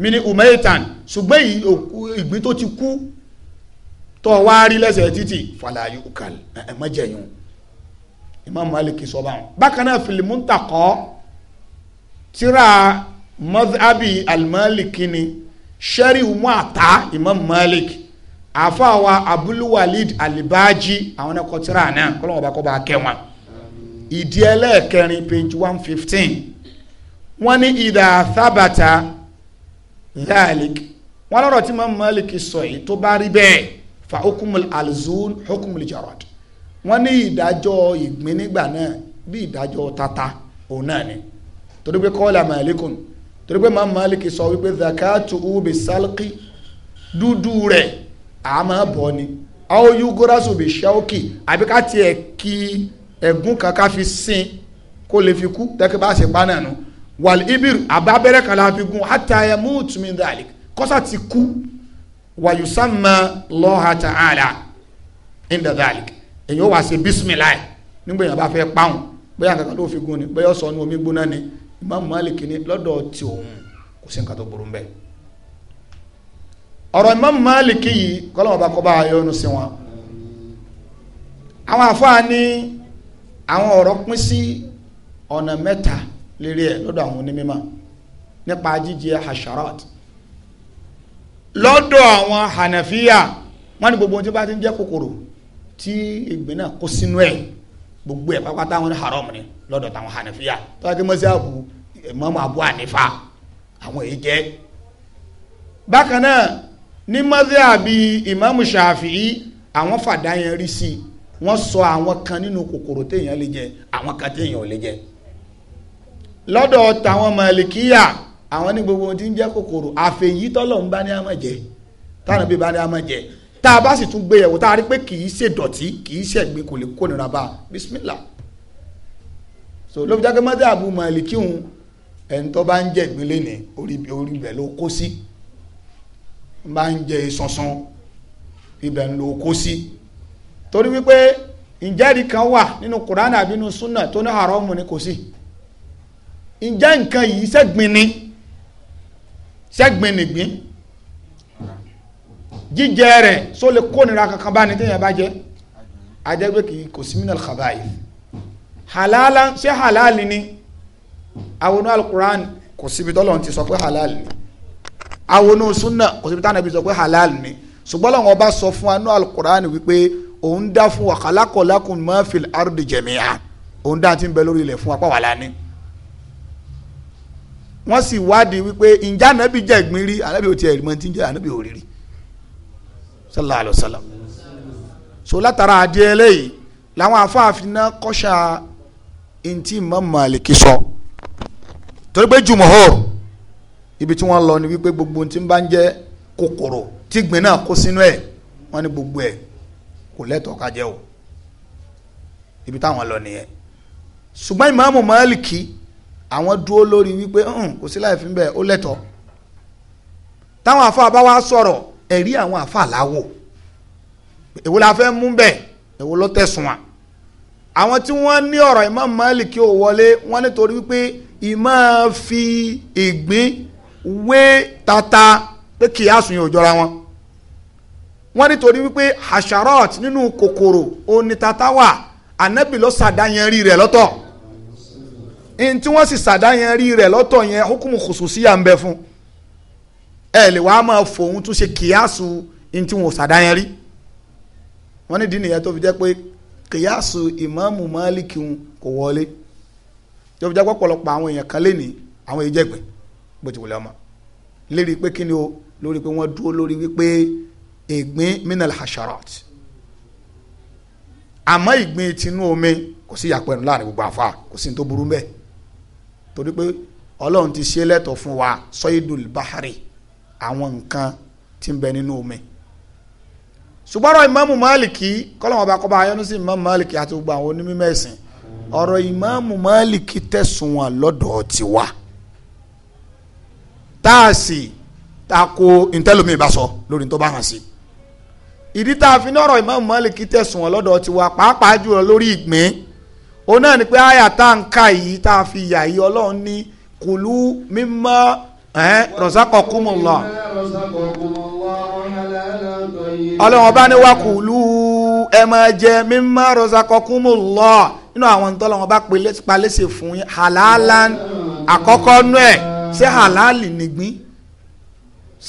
mi ni umeitan ṣùgbọ́n ìgbín tó ti kú tó wá rí lẹ́sẹ̀ títì fàlà yukal ẹ̀ mọ́jẹ̀yún Imam Malik sọ báwọn. bákan náà fìlìmù ń takọ́ tíra mazhabi almaliki ni sẹ́rí muata imam malik àfàwà abulwalid alibaji àwọn ẹ̀kọ́ tíra náà kọ́lọ́wọ́n bá kọ́ bá kẹ́ wọn. ìdí ẹlẹ́ẹ̀kẹrin page one fifteen wọ́n ní ìdá thabata dhalik wọ́n lọ́rọ̀ tí imam malik sọ yìí tó bá rí bẹ́ẹ̀ fa hukumul alzun hukumul jarad wọ́n ní ìdájọ́ ìgbín nígbà náà bí ìdájọ́ tata òun náà ni torí pé kọ́ọ̀lá màálíkùn torí pé màá màálíkì sọ wípé zakatu ubi salki dúdú rẹ̀ àmọ́ bọ̀ ni àwọn yugorasu bi ṣẹ́ọ́kì àbí ká tiẹ̀ kí ẹ̀gún kan ká fi sin kó lè fi kú tẹ́kẹ́ bá ṣe pa náà nù wàl ibiru àbábẹ́rẹ́ kan la fi gun àtàyẹ múùtùmí dàlík kọ́sà ti kú wàyùsàmà lọ́ha ta'ala inda dàlík èyí ó wà ṣe bísímìláì nígbà yẹn bá fẹ́ pàwọn bóyá kankan ló fi gun ni bóyá sọ ní omi gbóná ni Imam Malik ní lọ́dọ̀ tí òun kò sí nǹkan tó burú ń bẹ̀ ọ̀rọ̀ Imam Malik yìí kọ́lọ́mọba kọ́ bá yọnu sí wọn àwọn àfáà ní àwọn ọ̀rọ̀ pín sí ọ̀nà mẹ́ta lérí ẹ̀ lọ́dọ̀ àwọn onímọ̀ nípa jíjẹ hasharat lọ́dọ̀ àwọn hanafiya wọ́n ní gbogbo ohun tí bá ti ń jẹ́ kòkòrò tí ìgbín kó sínú ẹ̀ gbogbo ẹ̀ pápá táwọn haram ni lọ́dọ̀ táwọn hanafiya tọ́wọ́ kí mọ́sí àbú mọ́mọ́ àbú ànífà àwọn èyí jẹ́ bákan náà ní mọ́sí àbí ìmáàmù ṣàfìí àwọn fàdá yẹn rí sí wọ́n sọ àwọn kan nínú kòkòrò téèyàn lè jẹ àwọn kan téèyàn ò lè jẹ lọ́dọ̀ táwọn màlìkíyà àwọn ní gbogbo ohun tí ń jẹ́ kòkòrò àfẹ̀yítọ́lọ́ ń bá ní àmọ̀jẹ táwọn bí bá ní àmọ̀jẹ tá a bá sì tún gbé yẹ̀wò tá a rí pé kì í ṣe dọ̀tí kì í ṣe ẹ̀gbin kò lè kó nira bá a bisimilá so ló fi jáde mọ́tò àbú màlìkíhun ẹni tó bá ń jẹ ìgbín lẹ́nì orí orí ibẹ̀ ló kó sí bá ń jẹ ìsansan ibẹ̀ ló kó sí torí wípé ìjẹ́rìí kan wà nínú Kùránì àbí nínú súnà tó ní haramu ni kò sí ǹjẹ́ nǹkan yìí ṣẹ̀gbin ni ṣẹ̀gbin nìgbín jíjẹ rẹ̀ só lè kónira kankan bá ní téèyàn bá jẹ ajẹgbẹ kì í kò sí minal khabaif halala ṣé halali ni àwọn alukuran kò síbi tọ́lọ̀ ti sọ pé halal ni àwọn sunna kò síbi tánàbí sọ pé halal ni ṣùgbọ́n làwọn ọba sọ fún anú alukuran wípé òun dá fún wa khalaqalakum ma fil ardi jami'a òun dá ti ń bẹ lórí ilẹ̀ fún wa pàwọ́ lánìí wọ́n sì wádìí wípé ǹjẹ́ ànábì jẹ̀gbìn rí ànábì ò tiẹ̀ mọ̀ ti ń jẹ́ ànábì ò rí rí sallallahu alayhi wa sallam so látara adìẹ lẹ́yìn làwọn afáàfin náà kọ́ṣà ntí Imam Malik sọ torí pé jùmọ̀hóòrò ibi tí wọ́n lọ ni wípé gbogbo tí ń bá ń jẹ́ kòkòrò tí gbìn náà kó sínú ẹ̀ wọ́n ní gbogbo ẹ̀ kò lẹ́tọ̀ọ́ ká jẹ o ibi táwọn lọ nìyẹn ṣùgbọ́n Imam Malik àwọn dúró lórí wípé kò sí láì fi bẹ́ẹ̀ ó lẹ́tọ̀ọ́ táwọn afáà bá wá sọ̀rọ̀ ẹ̀rí àwọn àfa làwò èwo la fẹ́ mú bẹ́ẹ̀ èwo ló tẹ̀sùn wa àwọn tí wọ́n ní ọ̀rọ̀ Imam Malik ò wọlé wọ́n nítorí wípé ìmọ̀ fi ìgbín wé tata pé kì í àsùn yóò jọra wọn wọ́n nítorí wípé hasharot nínú kòkòrò òní tata wà anabi ló sàdáyẹnrí rẹ̀ lọ́tọ̀ ní tí wọ́n sì sàdáyẹnrí rẹ̀ lọ́tọ̀ yẹn hukumu khususiya ń bẹ fún un ẹ lè wàá máa fòun tún ṣe kìyàsù ní tí wọn ò sàdáyẹn rí wọn ní ìdí nìyẹn tó fi jẹ́ pé kìyàsù ìmáàmù máàlìkì ń kò wọlé tó fi jẹ́ pé ọ̀pọ̀lọpọ̀ àwọn èèyàn kan lè ní àwọn èèyàn jẹ̀gbẹ́ bó ti wọlé ọmọ lérí pé kí ni o lórí pé wọ́n dúró lórí wípé ìgbín minal hasharat àmọ́ ìgbín tinú omi kò sí ìyàpọ̀ ẹnu láàrin gbogbo àfa kò sí ní tó burú mbẹ́ torí pé ọlọ́run ti ṣe lẹ́tọ̀ fún wa sọ́yìdùl bahari àwọn nǹkan tí ń bẹ nínú omi ṣùgbọ́n ọ̀rọ̀ ìmáàmù máàlìkì kọ́lọ́mù ọba kọ́ba ayọ́nú sí ìmáàmù máàlìkì àti gbogbo àwọn onímọ̀ ẹ̀sìn ọ̀rọ̀ ìmáàmù máàlìkì tẹ̀sùn wọn lọ́dọ̀ tiwa tá a sì ta ko ntẹ́lómi ìbá sọ lórí tó bá hàn sí ìdí tá a fi ní ọ̀rọ̀ ìmáàmù máàlìkì tẹ̀sùn wọn lọ́dọ̀ tiwa pàápàá jùlọ lórí ìgbín òun náà ni pé àyà tá a ń ka yìí tá a fi yà yìí ọlọ́run ní kùlú mímọ́ Eh, razaqakumullah ọlọ́wọ́n bá ní wákùlù ẹ máa jẹ mimma razaqakumullah nínú àwọn ntọ́lọ́ wọn bá palẹ́sẹ̀ fún yín halalan àkọ́kọ́ nú ẹ̀ ṣé halali nìgbín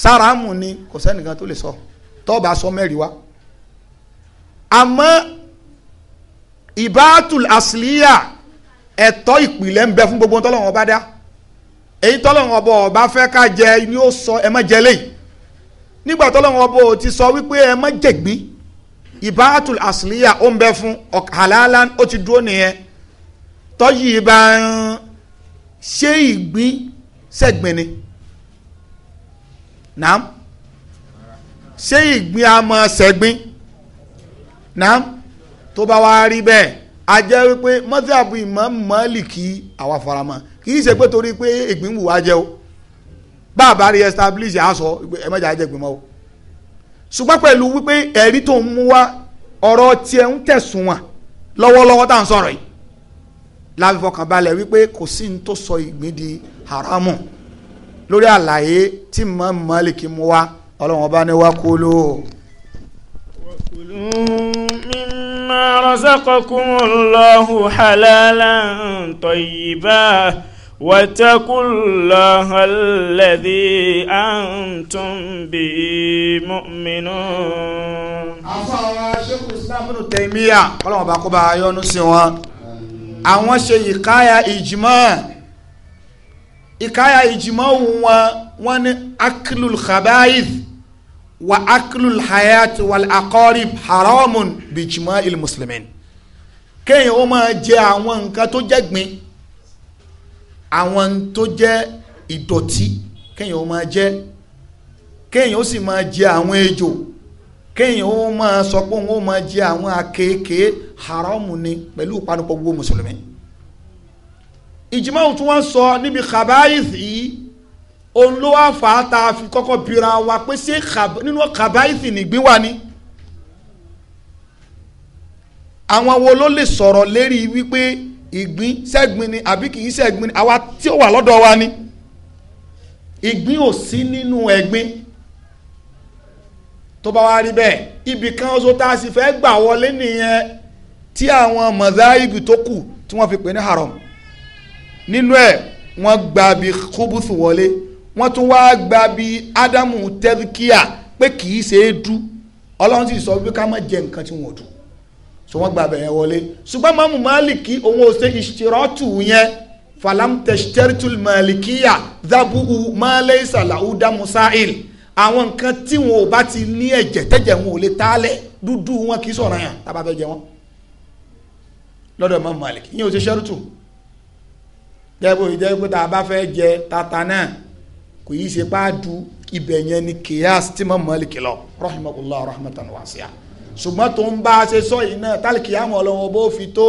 sáramù ni kò sẹ́nìkan tó lè sọ tọ́ọ̀bà sọ mẹ́rin wá àmọ́ ìbátul asliya ẹ̀tọ́ ìpìlẹ̀ ń bẹ fún gbogbo ntọ́lọ́ wọn bá dá èyí tọ́lọ́run ọba ọba fẹ́ ká jẹ ni ó sọ ẹ má jẹ léyìí nígbà tọ́lọ́run ọba ò ti sọ wípé ẹ má jẹ̀gbí ìbáàtù àsìlíyà ó ń bẹ fún ọ̀kàlálá ó ti dúró nìyẹn tọ́yì ìbá ṣé ìgbín sẹ́gbìn ni naam ṣé ìgbín a sẹ́gbìn naam tó bá wá rí bẹ́ẹ̀ a jẹ́ wípé mọ́tàbù Imam Málíkì àwa faramọ́ kì í ṣe pé torí pé ìpín wù o bàbá rí establish aṣọ ẹ mẹ́jà jẹ gbìmọ̀ o ṣùgbọ́n pẹ̀lú wípé ẹ̀rí tó ń mú wá ọ̀rọ̀ tiẹ̀ ń tẹ̀sùn wọn lọ́wọ́lọ́wọ́ tá à ń sọ̀rọ̀ yìí láfi balẹ̀ wípé kò sí sọ ìgbín di haramu lórí àlàyé tí mọ́ mọ́lìkì mú wá ọlọ́run ọba ní wá kú ló. واتقوا الله الذي أنتم به مؤمنون àfáwọn Sheikh Islam Ibn Taymiyyah kọ́lọ́mọ̀ bá kó bá a yọ́nú sí wọn àwọn ṣe ìkáyà ìjìmọ́ ìkáyà ìjìmọ́ wọn wọn ní aklul khabaith wa aklul hayat wal aqarib haramun bijimá il kéèyàn ó máa jẹ àwọn nǹkan tó jẹ́gbin àwọn tó jẹ́ ìdọ̀tí kéèyàn ó máa jẹ kéèyàn ó sì máa jẹ àwọn ejò kéèyàn ó máa sọ pé òun ó máa jẹ àwọn akéèké haramu ni pẹ̀lú ìpanupọ̀ gbogbo mùsùlùmí ìjìmọ̀ tí wọ́n sọ níbi kàbáyìsì yìí òun ló wá fà á ta fi kọ́kọ́ bira wa pé ṣé nínú kàbáyìsì nìgbín wà ní. àwọn wo ló lè sọ̀rọ̀ lérí wípé ìgbín sẹ́gbin ni àbí kì í sẹ́gbin ni àwa tí ó wà lọ́dọ̀ wa ni ìgbín ò sí nínú ẹ̀gbin tó bá wá rí bẹ́ẹ̀ ibì kan oṣù tá a sì fẹ́ gbà wọlé nìyẹn tí àwọn mọ̀záìbì tó kù tí wọ́n fi pè ní haram nínú ẹ̀ wọ́n gba bí kúbùsù wọlé wọ́n tún wá gba bí ádámù tẹ́ríkíà pé kì í ṣe é dú ọlọ́run sì sọ wípé ká má jẹ nǹkan tí wọ́n dùn so wọ́n gba abẹ̀yẹn wọlé ṣùgbọ́n maamu maliki òun ò ṣe ìṣirọ́tù yẹn falam tẹ̀sítẹ́rìtù malikiya dábùú malẹ̀ ìsàlàú dámusáìl àwọn nǹkan tí wọn ò bá ti ní ẹ̀jẹ̀ tẹ̀jẹ̀ wọn ò lè tálẹ̀ dúdú wọn kì í sọ̀rọ̀ yàn tábà fẹ́ jẹ wọn lọ́dọ̀ maamu maliki yẹn ò ṣe ṣẹ́rìtù jẹ́bù ìjẹ́ pé tá a bá fẹ́ jẹ tata náà kò yí ṣe bá du yẹn ni kìyàs tí maamu maliki lọ rahmatulahi rahmatan wasiya ṣùgbọ́n tó ń bá a ṣe sọ yìí náà tálíkì àwọn ọlọ́wọ́ bó fi tó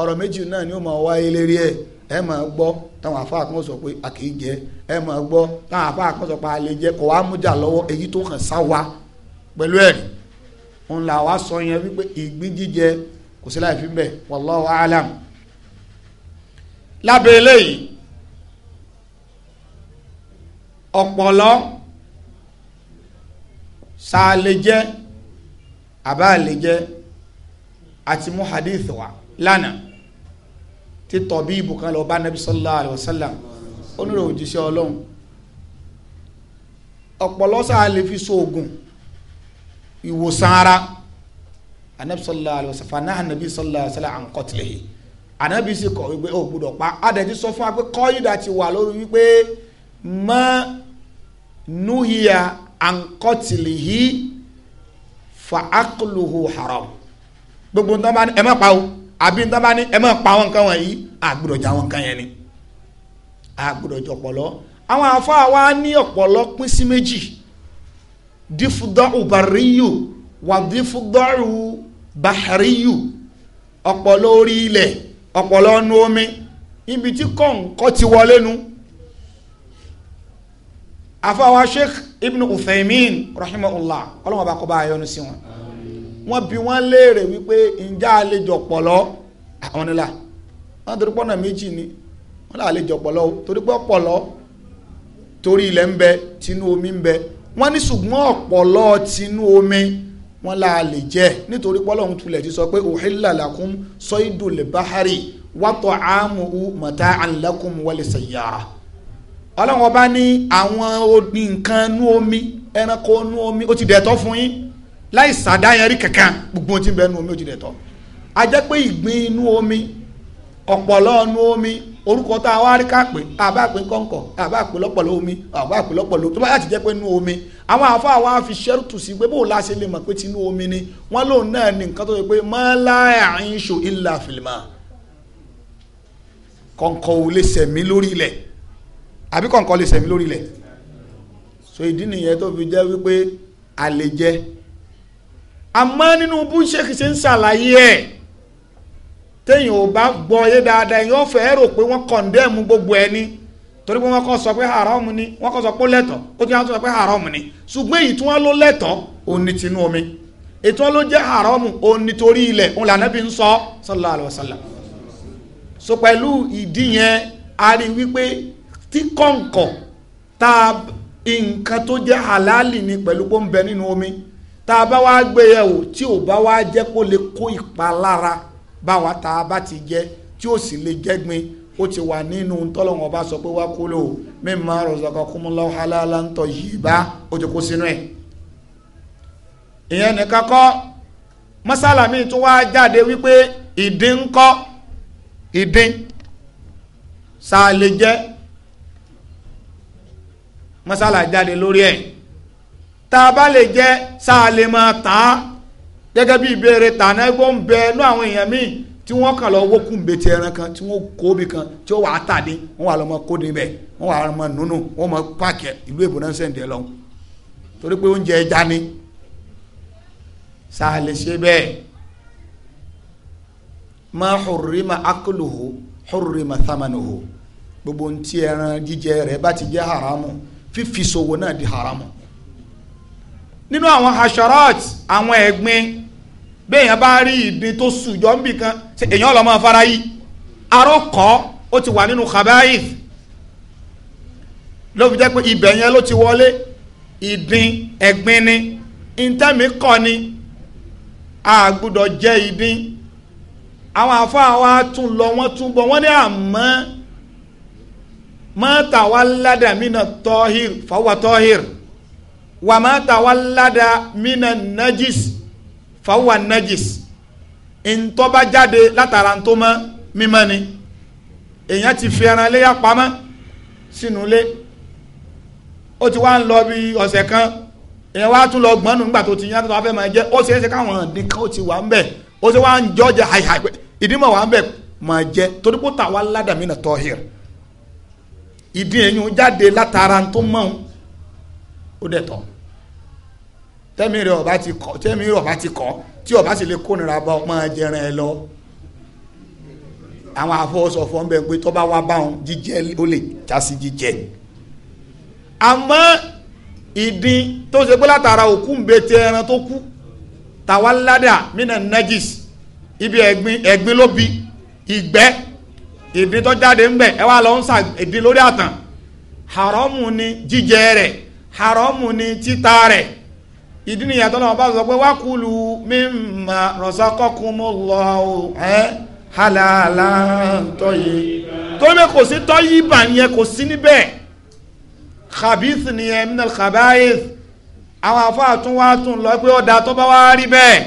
ọ̀rọ̀ méjì náà ni ó máa wáyé lérí ẹ̀ ẹ máa gbọ́ táwọn afáà kan sọ pé a kì í jẹ ẹ máa gbọ́ táwọn afáà kan sọ pé a lè jẹ kọ̀ wá mújà lọ́wọ́ èyí tó kàn sá wa pẹ̀lú ẹ̀rí òun là wá sọ yẹn wípé ìgbín jíjẹ kò sí láì fi bẹ́ẹ̀ wallahu alam lábẹ́ eléyìí ọ̀pọ̀lọ́ sáà jẹ́ àbá lè jẹ́ àti mú hadith wa lánàá tí tọ̀bí ibùkan lọ bá nabi sallallahu alayhi wa sallam onírò òjíṣẹ́ ọlọ́run ọ̀pọ̀lọ́sà lè fi so oògùn ìwòsàn ara anabi sallallahu alayhi wa sallam fanaha nabi sallallahu alayhi wa sallam àǹkọ́tìlẹ̀yìn anabi sì kọ̀ wípé o gbọ́dọ̀ pa adẹ̀tí sọ fún wa pé kọ́yídà ti wà lórí wípé mọ́ nuhiya àǹkọ́tìlẹ̀yìn fa akuluhu haram gbogbo ntọ́ bá ní ẹ má pa o àbí ntọ́ bá ní ẹ má pa àwọn nǹkan wọ̀nyí àgbọ̀dọ̀jà àwọn yẹn ni àgbọ̀dọ̀jà ọ̀pọ̀lọ́ àwọn àfáà wa ní ọ̀pọ̀lọ́ pín sí méjì dífúdọ́ ubariyu wà dífúdọ́rù bahariyu ọ̀pọ̀lọ́ orí ilẹ̀ ọ̀pọ̀lọ́ nu omi ibi tí kọ̀ǹkọ̀ ti wọlé nu àfàwà sheikh ibn uthaymin rahimahullah ọlọ́wọ́n bá kọ́ bá ayọ́nu sí wọn wọ́n bi wọ́n léèrè wípé ǹjẹ́ àlejò ọ̀pọ̀lọ́ àwọn ah, nílà wọ́n torí pọ́nà méjì ni wọ́n lè àlejò ọ̀pọ̀lọ́ o torí pé ọ̀pọ̀lọ́ torí ilẹ̀ ń bẹ tinú omi ń bẹ wọ́n ní ṣùgbọ́n ọ̀pọ̀lọ́ tinú omi wọ́n lè àlè jẹ́ nítorí pọ́lọ́hún tulẹ̀ ti sọ pé uhilla lakum saydul bahari wa ta'amuhu mata'an lakum wa lisayyara ọlọ́run ọba ní àwọn nǹkan nú omi ẹranko nú omi ó ti dẹ̀tọ́ fún yín láì sàdá yẹn rí kankan gbogbo ohun tí ń bẹ nú omi ó ti dẹ̀tọ́ a jẹ́ pé ìgbín inú omi ọ̀pọ̀lọ́ nú omi orúkọ tá a wá rí ká pé àbá pé kọ̀ǹkọ̀ àbá pé lọ́pọ̀lọ́ omi àbá pé lọ́pọ̀lọ́ tó bá láti jẹ́ pé nú omi àwọn àfa wa fi ṣẹ́rùtù sí pé bó o láṣẹ lè mọ̀ pé tinú omi ni wọ́n lòun náà ní nǹkan tó yẹ pé mọ́lá àyínṣó ìlà fìlìmà kọ̀ǹkọ̀ ò lè sẹ̀mí lórí ilẹ̀ àbí kọ̀ǹkan lè sẹ̀mí lórí ilẹ̀ so ìdí nìyẹn tó fi jẹ́ wípé a àmọ́ nínú bú ṣèkì ṣe ń ṣàlàyé ẹ̀ téèyàn ò bá gbọ́ yé dáadáa èèyàn fẹ́ rò pé wọ́n kọ̀ǹdẹ́ẹ̀mù gbogbo ẹni torí pé wọ́n kàn sọ pé haram ni wọ́n kàn sọ pé lẹ́tọ̀ ó ti wá sọ pé haram ni ṣùgbọ́n èyí tí wọ́n ló lẹ́tọ̀ òun ni tinú omi èyí tí wọ́n ló jẹ́ haram òun ni torí ilẹ̀ òun lànà bí ń sọ sallallahu alaihi wasallam so pẹ̀lú ìdí yẹn a rí wípé tí kọ̀ǹkọ̀ ta nǹkan tó jẹ́ halali ni pẹ̀lú kó ń bẹ nínú omi taa bá wá gbé e yẹ̀ o tí ò bá wá jẹ́ kó lè kó ìpalára báwa bá ti tí ò sì lè jẹ́gbin ó ti wà nínú bá sọ pé wá kó lò yìí bá ó ti kó sínú ẹ̀. ìyẹn nìkan kọ́ mọ́sálàmí wá jáde wípé ń kọ́ masala jáde lórí ẹ̀ tá a bá lè jẹ́ sá a lè máa tà á gẹ́gẹ́ bí ìbéèrè tàná ẹgbẹ́ ń bẹ inú àwọn èèyàn míì tí kan tí wọ́n kó bi kan tí wọ́n wà á tàdé wọ́n wà lọ́mọ kó níbẹ̀ wọ́n wà lọ́mọ nùnú wọ́n mọ páàkì ìlú èbó náà sẹ́ǹdẹ̀ lọ torí pé oúnjẹ ẹja ni sáà lè ṣe ma hurrima akluhu hurrima gbogbo ntí ẹran jíjẹ fífi ṣòwò náà di haramu nínú àwọn hasharat àwọn ẹ̀gbin béèyàn bá rí ìdin tó sùjọ́ ń bì kan èèyàn lọ́mọ afárá yìí arókọ́ ó ti wà nínú khabaith ló fi jẹ́ pé ibẹ̀ yẹn ló ti wọlé ìdin ẹ̀gbin ni ntẹ́mi kọ́ ni a gbọ́dọ̀ jẹ́ ìdin àwọn afáwa tún lọ wọ́n tún bọ̀ wọ́n ní àmọ́ Mata walada mina tohir, fawa tohir. wa ma tawallada mina najis fawa najis ntọ́ba jáde látara ntoma mímọ́ ni èèyàn ti fi ẹran léyà pamọ́ sínú ilé ó ti wá ń lọ bí ọ̀sẹ̀ kan èèyàn wá tún lọ gbọ́n nù nígbà tó ti yá tó wá fẹ́ máa jẹ́ ó ṣeé ṣe káwọn ọ̀dín kan ó ti wà ń bẹ̀ ó ṣe wá ń jọ́ jẹ́ àìhàìpẹ́ ìdí wà ń bẹ̀ máa jẹ́ torí pé ó tà wá ládàmínà tọ́hìr ìdí ẹ̀yìn jáde látara tó mọ́n ó dẹ̀ tán tẹ́mi rẹ̀ ọba ti kọ́ tẹ́mi rẹ̀ ọba ti kọ́ tí ọba sì lè kónira bá ọmọ jẹran ẹ lọ àwọn afọwọ́sọ̀fọ́ ń bẹ̀ pé tọ́ba wá bá wọn jíjẹ ó lè jásí jíjẹ àmọ́ ìdín tó ṣe pé látara òkú ń bẹ ti ẹran tó kú tàwa ládà mí nà najis ibi ẹ̀gbin ẹ̀gbin ló bi ìgbẹ́ ìdí tó jáde ńbẹ ẹ wá lọ ń sa ìdí lórí àtàn haramu ni jíjẹ rẹ̀ haramu ni títà rẹ̀ ìdí nìyẹn tó náà bá sọ pé wá kúlù mimma razaqakumullahu ẹ halalan tayyiba tó lè kò sí tayyiba yẹn kò sí níbẹ̀ khabith nìyẹn minal khaba'ith àwọn afọ àtúnwá tún lọ pé ọ̀dà tó bá wá rí bẹ́ẹ̀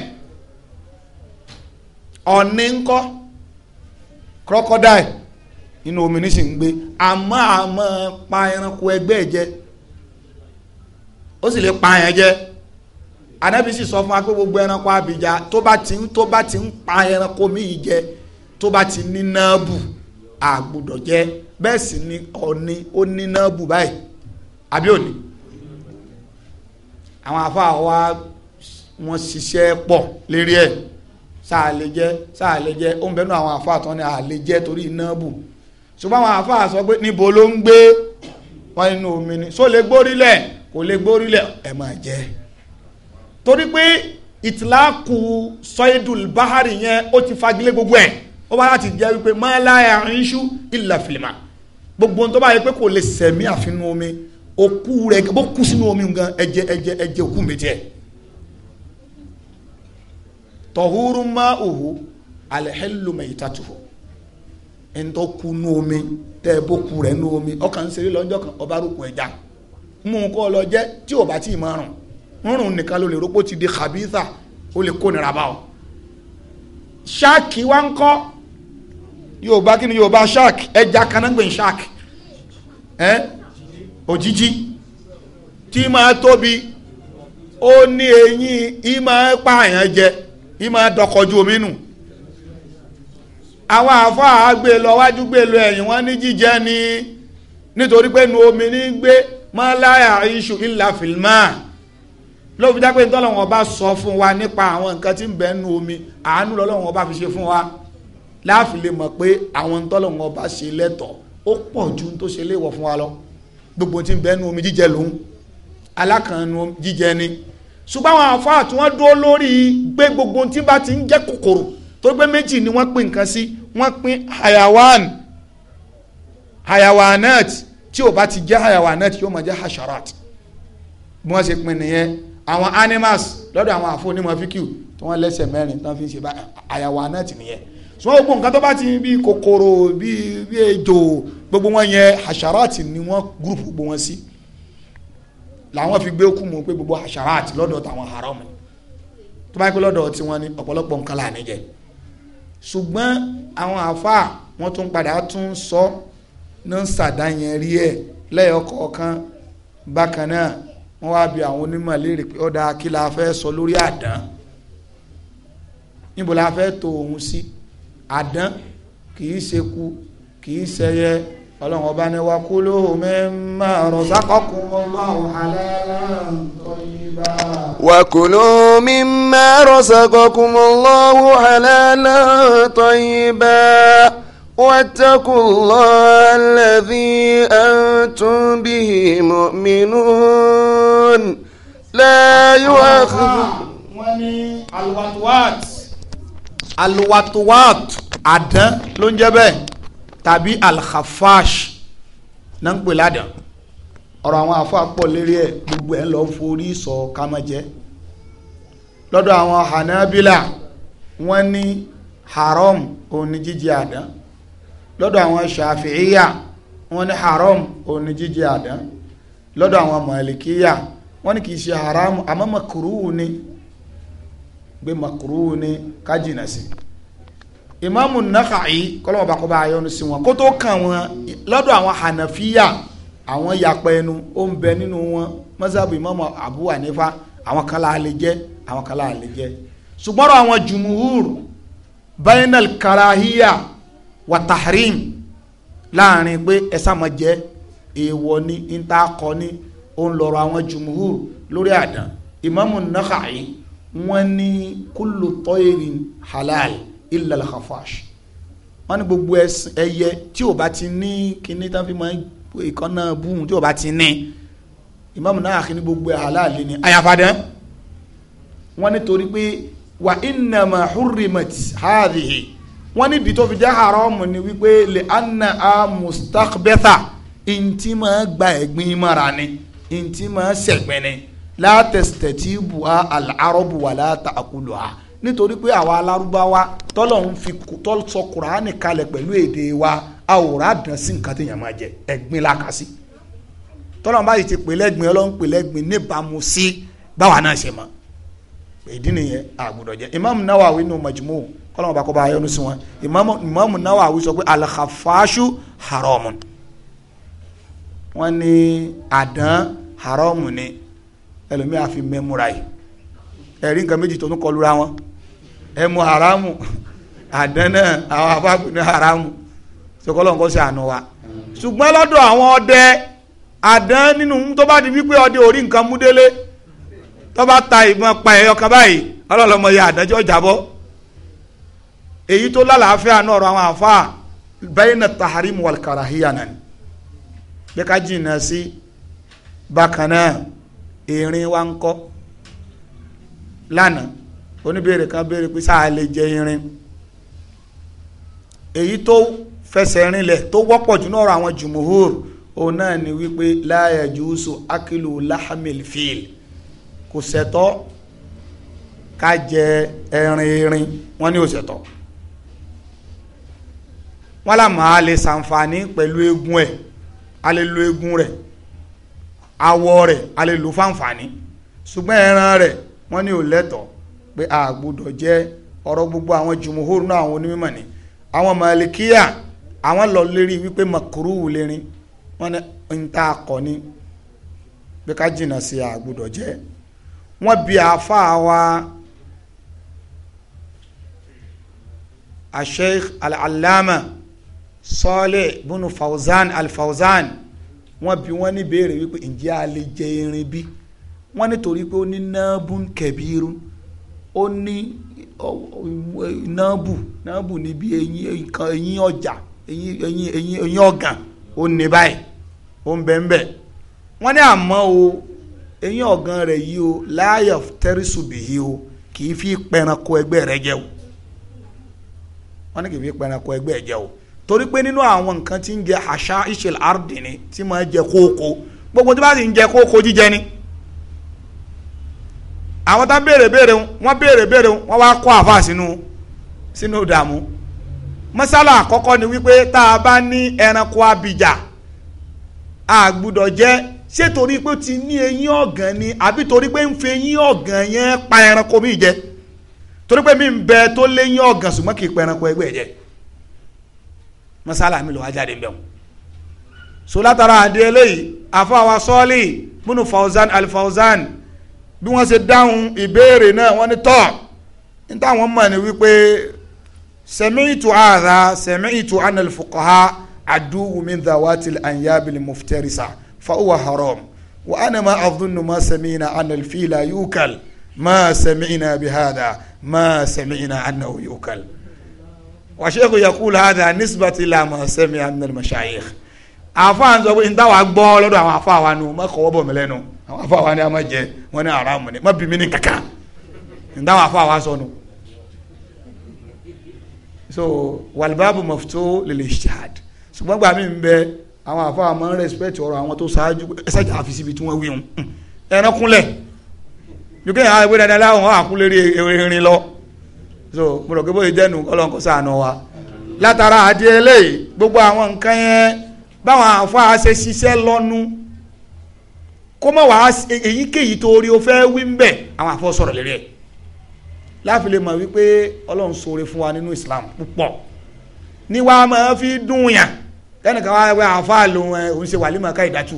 ọ̀ní ńkọ́ crocodile nínú omi nísìn ń gbé àmọ́ àmọ́ pa ẹranko ẹgbẹ́ ẹ̀ jẹ ó sì lè pa ẹ̀ jẹ anabi sì sọ fún wa pé gbogbo ẹranko abìjà tó bá ti ń tó bá ti ń pa ẹranko míì jẹ tó bá ti ní náàbù àgbùdọ̀ jẹ bẹ́ẹ̀ sì ni ọ̀ni ó ní náàbù báyìí àbí òní àwọn afa wa wọn ṣiṣẹ́ pọ̀ lérí ẹ̀ sáàlè jẹ sáàlè jẹ ó ń bẹnu àwọn àfa àtọ́ ni àlè jẹ torí iná bù ṣùgbọ́n àwọn àfa sọ pé níbo ló ń gbé wọn inú omi ni só lè gbórílẹ̀ kò lè gbórílẹ̀ ẹ̀ máa jẹ torí pé ìtìláàkù sọ́ídùl báhárì yẹn ó ti fagilé gbogbo ẹ̀ ó bá láti jẹ́ wípé máa láyà ń ṣú ìlà fìlìmà gbogbo tó bá pé kò lè sẹ̀mí àfinú omi òkú rẹ̀ bó kú sínú omi gan ẹ̀jẹ̀ ẹ̀jẹ̀ ẹ̀jẹ̀ òkú mi tiẹ̀ tọ̀húrú máa òhù alẹ́hẹ́lù mẹ́yìtàtùhù ẹ̀ńtọ́ ku nú omi tẹ́ ẹ bó ku rẹ̀ nú omi ọkàn ṣeré lọ́jọ́ kan ọba rúkú ẹja mú un kọ́ lọ jẹ́ tí ò bá tí ì máa rùn rùn nìkan ló lè rọ́pò ti di khabitha ó lè kó nira bá ọ. ṣáàkì wa ń kọ́ yorùbá kí ni yorùbá ṣáàkì ẹja kan náà tí máa tóbi ó ní eyín í máa pààyàn jẹ ìmọ̀ dọ̀kọ̀jú omi nù àwọn àfáà gbé lọ wájú gbé lọ ẹ̀yìn wọn ní jíjẹ ni nítorí pé nu omi ní gbé mọ́ láyà iṣu ìlà fìlmà ló jápé nítorí wọn bá sọ fún wa nípa àwọn nǹkan tí ń bẹ nu omi àánú lọ́lọ́wọ́n bá fi ṣe fún wa láàfin lè mọ̀ pé àwọn nítorí wọn bá ṣe lẹ́tọ̀ọ́ ó pọ̀ ju tó ṣe léèwọ̀ fún wa lọ gbogbo tí ń bẹ nu omi jíjẹ lòun alákànnú jíjẹ ni ṣùgbọ́n àwọn àfáà tí wọ́n dúró lórí gbé gbogbo tí bá ti ń jẹ́ kòkòrò tó gbé méjì ni wọ́n pín nǹkan sí wọ́n pín hayawan hayawanat tí ò bá ti jẹ́ hayawanat yóò máa jẹ́ hasharat bí wọ́n ṣe pín nìyẹn àwọn animals lọ́dọ̀ àwọn àfọ onímọ̀ fíkìú tí wọ́n lẹ́sẹ̀ mẹ́rin tí wọ́n fi ń ṣe hayawanat nìyẹn ṣùgbọ́n gbogbo nǹkan tó bá ti bí kòkòrò bí ejò gbogbo wọn yẹn hasharat ni wọ́n gúrùpù gbogbo wọn sí. Si làwọn fi gbé kú mu pé gbogbo asharat lọ́dọ̀ tàwọn haram ni tó bá yẹ pé lọ́dọ̀ tiwọn ni ọ̀pọ̀lọpọ̀ nǹkan là ní jẹ ṣùgbọ́n àwọn àáfàá wọ́n tún padà tún sọ ní sàdá yẹn rí ẹ̀ lẹ́yọkọ̀ọ̀kan bákan náà wọ́n wá bi àwọn onímọ̀ léèrè pé ọ̀dà kí la fẹ́ sọ lórí àdán níbo la fẹ́ tó òun sí àdán kì í ṣe ku kì í ṣẹyẹ ọlọ́run ọba ní wa kulu mimma razaqakumullahu halalan tayyiba. wa kulu mimma razaqakumullahu halalan tayyiba. واتقوا الله الذي أنتم به مؤمنون لا يؤاخذ الوطوات الوطوات àdán ló ń jẹ́ bẹ́ẹ̀ tàbí alhafash náà ń pè ládàá ọ̀rọ̀ àwọn àfáà pọ̀ lérí ẹ̀ gbogbo ẹ̀ ń lọ forí sọ kámẹ́jẹ́ lọ́dọ̀ àwọn hanabila wọ́n ní haram òní jíjẹ àdán lọ́dọ̀ àwọn shafi'iya wọ́n ní haram òní jíjẹ àdán lọ́dọ̀ àwọn malikiya wọ́n ní kìí ṣe haram àmọ́ makruhu ni gbé makruhu ni kájìnà sí i imaamu Nakhai kọlọmọ bá kọ bá ayọnu sí wọn kó tó kàn wọn lọ́dọ̀ àwọn hanafiya àwọn yapa ẹnu ó ń bẹ nínú wọn mọ́sáàbù imaamu Abu Hanifa àwọn kan láàlẹ jẹ àwọn kan láàlẹ jẹ ṣùgbọ́n àwọn jumuhur bainal karahiya wa tahrim láàrin pé ẹsà máa jẹ èèwọ̀ ni ntaakọ ni ó ń lọ́rọ̀ àwọn jumuhur lórí àdán imaamu Nakhai wọn ní kullu toirin halal illa al-khafash wọ́n ní gbogbo ẹyẹ tí ò bá ti ní kíní tán fi máa ìkànnà búhùn tí ò bá ti ní ìmáàmù náà kí ní gbogbo ẹ̀ halali ni àyàfàdán wọ́n ní torí pé wà innama hurrimat hadhihi wọ́n ní ibi tó fi jẹ́ haramu ni wípé lè anna a mustaqbatha ntí máa gba ẹ̀gbin mara ni ntí máa sẹ̀gbẹ́ ni látẹ̀sítẹ̀tì bu a al-arabu wà látàkùlù a nítorí pé àwa alárúbáwá tọ́lọ̀ ń fi sọ kùránì kalẹ̀ pẹ̀lú èdè wa a ò rà dán sí nǹkan téèyàn máa jẹ ẹ̀gbin la kà sí tọ́lọ̀ bá sì ti pè lẹ́gbin ọlọ́run pè lẹ́gbin níbàámu sí báwa náà ṣe mọ̀ ìdí nìyẹn àgùdọ̀ jẹ́ Imam Nawawi nù Majmu kọ́lọ́mù bá kọ́ bá yọnu sí wọn Imam Nawawi sọ pé al-khafashu haramun wọ́n ní àdán haramu ni ẹlòmíà fi mẹ́múra yìí ẹ̀rí nǹkan méjì tó ń kọlura wọn ẹmu haramu àdánà àwọn afáàgbẹ̀ni haramu sọkọlọ́n kọ́ sí àná wa ṣùgbọ́n lọ́dọ̀ àwọn ọdẹ àdán nínú tó di wípé ọdẹ orí nǹkan mú délé tó bá ta ìbọn pa ẹ̀yọ kan báyìí ọlọ́lọ́mọ ya àdájọ́ jábọ́ èyí tó lálàáfíà náà rọ àwọn àfáà bayna tahrim wal karahiya náà bí ká jìnnà sí bákan náà erin wa ń kọ́ lánàá oníbèrè kan béèrè pé sáà lè jẹ irin èyí tó fẹsẹ̀ rinlẹ̀ tó wọ́pọ̀ jù náà àwọn jùmùhúr òun náà ni wípé láyà jùúsù akilu lahamil fil kò ṣẹ̀tọ́ ká jẹ ẹrin irin wọ́n ní ò ṣẹ̀tọ́ wọ́n là máa lè ṣàǹfààní pẹ̀lú eegun ẹ̀ a lè lo eegun rẹ̀ awọ rẹ̀ a lè lò fáǹfààní ṣùgbọ́n ẹran rẹ̀ wọ́n ní ò lẹ́tọ̀ọ́ pé a gbọ́dọ̀ jẹ́ ọ̀rọ̀ gbogbo àwọn jùmùhóòrùn náà àwọn onímọ̀ ni àwọn màlìkíyà àwọn lọ lérí wípé màkúrúwù lérin wọn ni ń ta akọ ni pé ká jìnnà sí a gbọ́dọ̀ jẹ́ wọn bí àáfàá wa asheikh al-allama sọ́ọ̀lẹ̀ bùnú fawzan al-fawzan wọn bí wọn ní béèrè wípé ǹjẹ́ a lè jẹ irin bí wọn nítorí pé ó ní náà kẹbírun ó ní náàbù níbi eyín eyín ọjà eyín eyín eyín ọ̀gàn ó ní báyìí ó ń ń wọ́n ní àmọ́ o eyín ọ̀gàn rẹ̀ yìí o láyọ̀ tẹ́rìsùbì yìí o kì í fi pẹranko ẹgbẹ́ rẹ jẹ o wọ́n ní kì í fi pẹranko ẹgbẹ́ jẹ o torí pé nínú àwọn nǹkan tí ń jẹ àṣà ìṣèlú tí máa jẹ gbogbo tí bá sì ń jẹ ni. àwọn tá béèrè béèrè wọn béèrè béèrè wọn wá kó àfa sínú sínú ìdààmú mọ́sálà àkọ́kọ́ ni wípé tá a bá ní ẹranko abìjà a gbúdọ̀ jẹ́ ṣé torí pé ti ní eyín ọ̀gàn ni àbí torí pé ń fi eyín ọ̀gàn yẹn pa ẹranko mi jẹ torí pé mi ń bẹ tó léyìn ọ̀gàn ṣùgbọ́n kì í pa ẹranko ẹgbẹ́ jẹ mọ́sálà mi lọ́wọ́ jáde bẹ́ẹ̀ so látara àdé eléyìí àfọwọ́ múnú Fawzan bí wọ́n ṣe dáhùn ìbéèrè náà wọ́n ní tọ́ ní táwọn mọ̀ ní wípé sẹ̀mìtù àdá sẹ̀mìtù anàlfùkọ́há àdúwùmí dàwátìl ànyábìlì muftarisa fáwọn haram wa ana ma adunnu ma sẹ̀mìnà anàlfìlà yúkàl ma sẹ̀mìnà bihada ma sẹ̀mìnà anàwó yúkàl. wàṣẹ́kù yakul hada nisbati la ma sẹ̀mìnà anàlmashayikh àfa ń sọ pé n táwa gbọ́ lọ́dọ̀ àwọn àfa wa nu má kọ́wọ́ bọ̀ mí lẹ́nu àwọn àfa wa ni a ma jẹ wọn ní haramu ni má bí mi ní kankan n táwa àfa wa sọnu. so walibabu mọ̀fútó lèlè ṣáàd ṣùgbọ́n gba mi bẹ àwọn àfa wa máa respect ọ̀rọ̀ àwọn tó ṣáájú ẹsẹ̀ jà àfi síbi tí wọ́n wí hun ẹran kúnlẹ̀ dùkẹ́ yàrá ìwé dandan láwọn àkúlẹ̀ erin lọ so mo rò pé bóyá jẹ́nu ọlọ́nkọ́sà àná wa látara àdìẹ lẹ́yìn gbogbo àwọn nǹkan yẹn báwọn afọ ase sise lọ́nu kó mọ̀ wá èyíkéyìí o fẹ́ àwọn afọ sọrọ lérí ẹ̀ láfi wípé ọlọ́run fún wa nínú Islam púpọ̀ ni ma fi dùn yàn tẹnìkan wá wẹ àáfàá lòun ẹ òun ṣe wàlímọ̀ ká ìdájú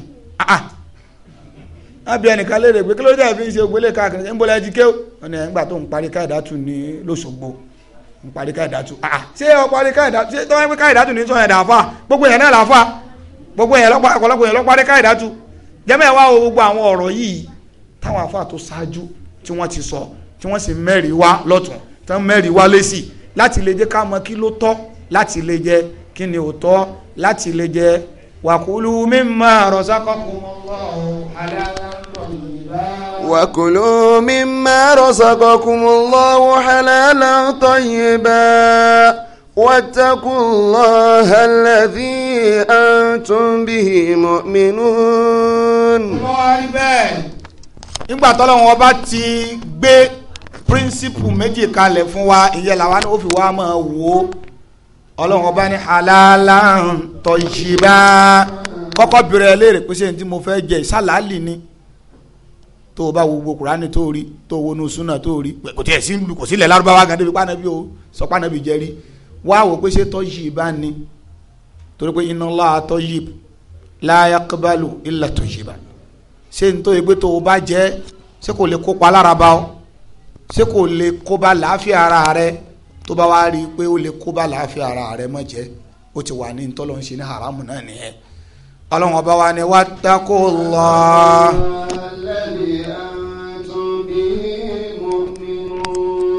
àbí ẹnìkan léèrè pé kí ló dé fi ṣe ògbélé káàkiri ń bọ́lá ẹjíkẹ́ ọ̀nà ẹ̀ ń gbà tó ń parí káìdátù ní ń parí gbogbo yẹn lọ́pàá ọ̀pọ̀lọpọ̀ yẹn lọ́pàá dẹ́ka ìdátú jẹ́mẹ̀ wá o gbogbo àwọn ọ̀rọ̀ yìí táwọn afáà tó ṣáájú tí wọ́n ti sọ tí wọ́n sì mẹ́rìí wá lọ́tún tán mẹ́rìí wá lẹ́sì láti lè jẹ́ ká mọ kí ló tọ́ láti lè jẹ kí ni ò tọ́ láti lè jẹ wàkúlù mímọ rọ̀ṣàkọ́kùnmọ́lọ́ọ̀ وكلوا مما رزقكم الله حلالا طيبا واتقوا الله الذي أنتم به مؤمنون. nígbà tọ́lọ́wọ́n ọba ti gbé píríncípù méjì kalẹ̀ fún wa ìyẹn làwọn náà ó fi wá máa wò ó ọlọ́wọ́n ọba ní halalan tọ́jìbá kọ́kọ́ bẹ̀rẹ̀ ẹlẹ́rìí pé ṣé ní tí mo fẹ́ jẹ ìsàlálì ni tó o bá wo gbogbo kùránì tó o rí tó o wọnú súnà tó o rí kò tiẹ̀ sí kò sílẹ̀ lárúbáwá gan débi pàànàbí o sọ pàànàbí jẹ́rìí wá wò pé ṣé tọ́yì bá ní torí pé inna Allaha tayyib la yaqbalu illa tayyiban ṣé n tó yẹ pé tó o bá jẹ́ ṣé kò lè kópa lára bá ọ ṣé kò lè kóba làáfíà ara rẹ tó bá wá rí i pé ó lè kóba làáfíà ara rẹ mọ̀ jẹ́ ó ti wà ní ntọ́lọ́ ń ṣe ní haramu náà nìyẹn ọlọ́run ọba wa ni wattaqullah.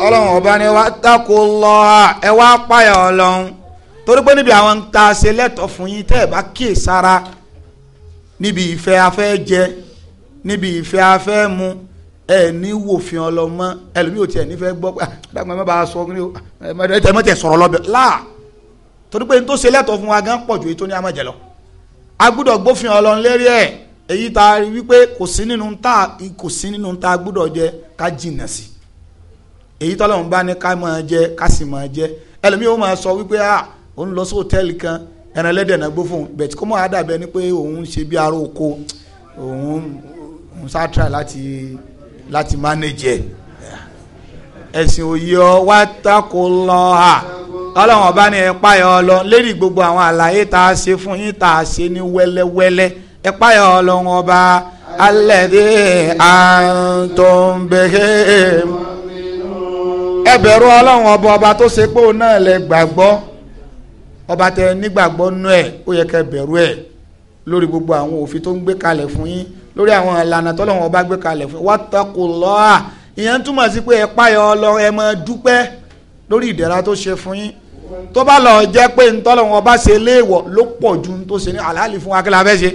ọlọ́run ọba ni wàá tako lọ ẹ wá páyà ọlọ́run torí pé níbi àwọn ta ṣe lẹ́tọ̀ọ́ fún yín tẹ́ ẹ bá kíyè sára níbi ìfẹ́ afẹ́ jẹ níbi ìfẹ́ afẹ́ mu ẹ ní wòfin ọlọ́mọ ẹlòmíì ò tiẹ̀ nífẹ̀ẹ́ gbọ́ pé ah, dàgbà má bàa sọ ẹ tẹ mọ́tẹ̀ sọ̀rọ̀ lọ́bẹ̀ láà torí pé n tó ṣe lẹ́tọ̀ọ́ fún wa gan pọ̀ ju èyí tó ní amájẹ lọ a gbófin ọlọ́run lérí ẹ̀ èyí tá wípé kò sí nínú ta kò sí nínú ta a jẹ ká jìnnà sí èyí tọ́lọ́run bá ní ká máa jẹ ká sì máa jẹ ẹlòmíì ó máa sọ wípé à ah, òun lọ sí hòtẹ́ẹ̀lì kan ẹran ẹlẹ́dẹ̀ náà gbó fún un bẹ̀tí kó máa dàbẹ̀ ni pé òun ń ṣe bí aró oko òun òun sá try láti láti manage ẹ̀ ẹ̀sìn òye ọ wá tako lọ ha ọlọ́run ọba ni ẹ páyọ ọlọ lérí gbogbo àwọn àlàyé tá a ṣe fún yín tá a ṣe ní wẹ́lẹ́wẹ́lẹ́ ẹ páyọ ọlọ́run ọba alẹ́ dé à ń tó ń bẹ̀rẹ̀ mọ́ ẹ bẹ̀rù ọlọ́run ọba ọba tó ṣe pé òun náà lẹ gbàgbọ́ ọba tẹ nígbàgbọ́ nú ẹ̀ ó yẹ kẹ́ bẹ̀rù ẹ̀ lórí gbogbo àwọn òfin tó ń gbé kalẹ̀ fún yín lórí àwọn ìlànà tọ́lọ́run ọba gbé kalẹ̀ fún yín wattaqullah ìyẹn túmọ̀ sí pé ẹ páyọ ọlọ́run ẹ máa dúpẹ́ lórí ìdẹ̀ra tó ṣe fún yín tó bá lọ jẹ́ pé ntọ́lọ́run ọba ṣe léèwọ̀ ló pọ̀ ju tó ṣe ní àlàálì fún wa kí la fẹ́ ṣe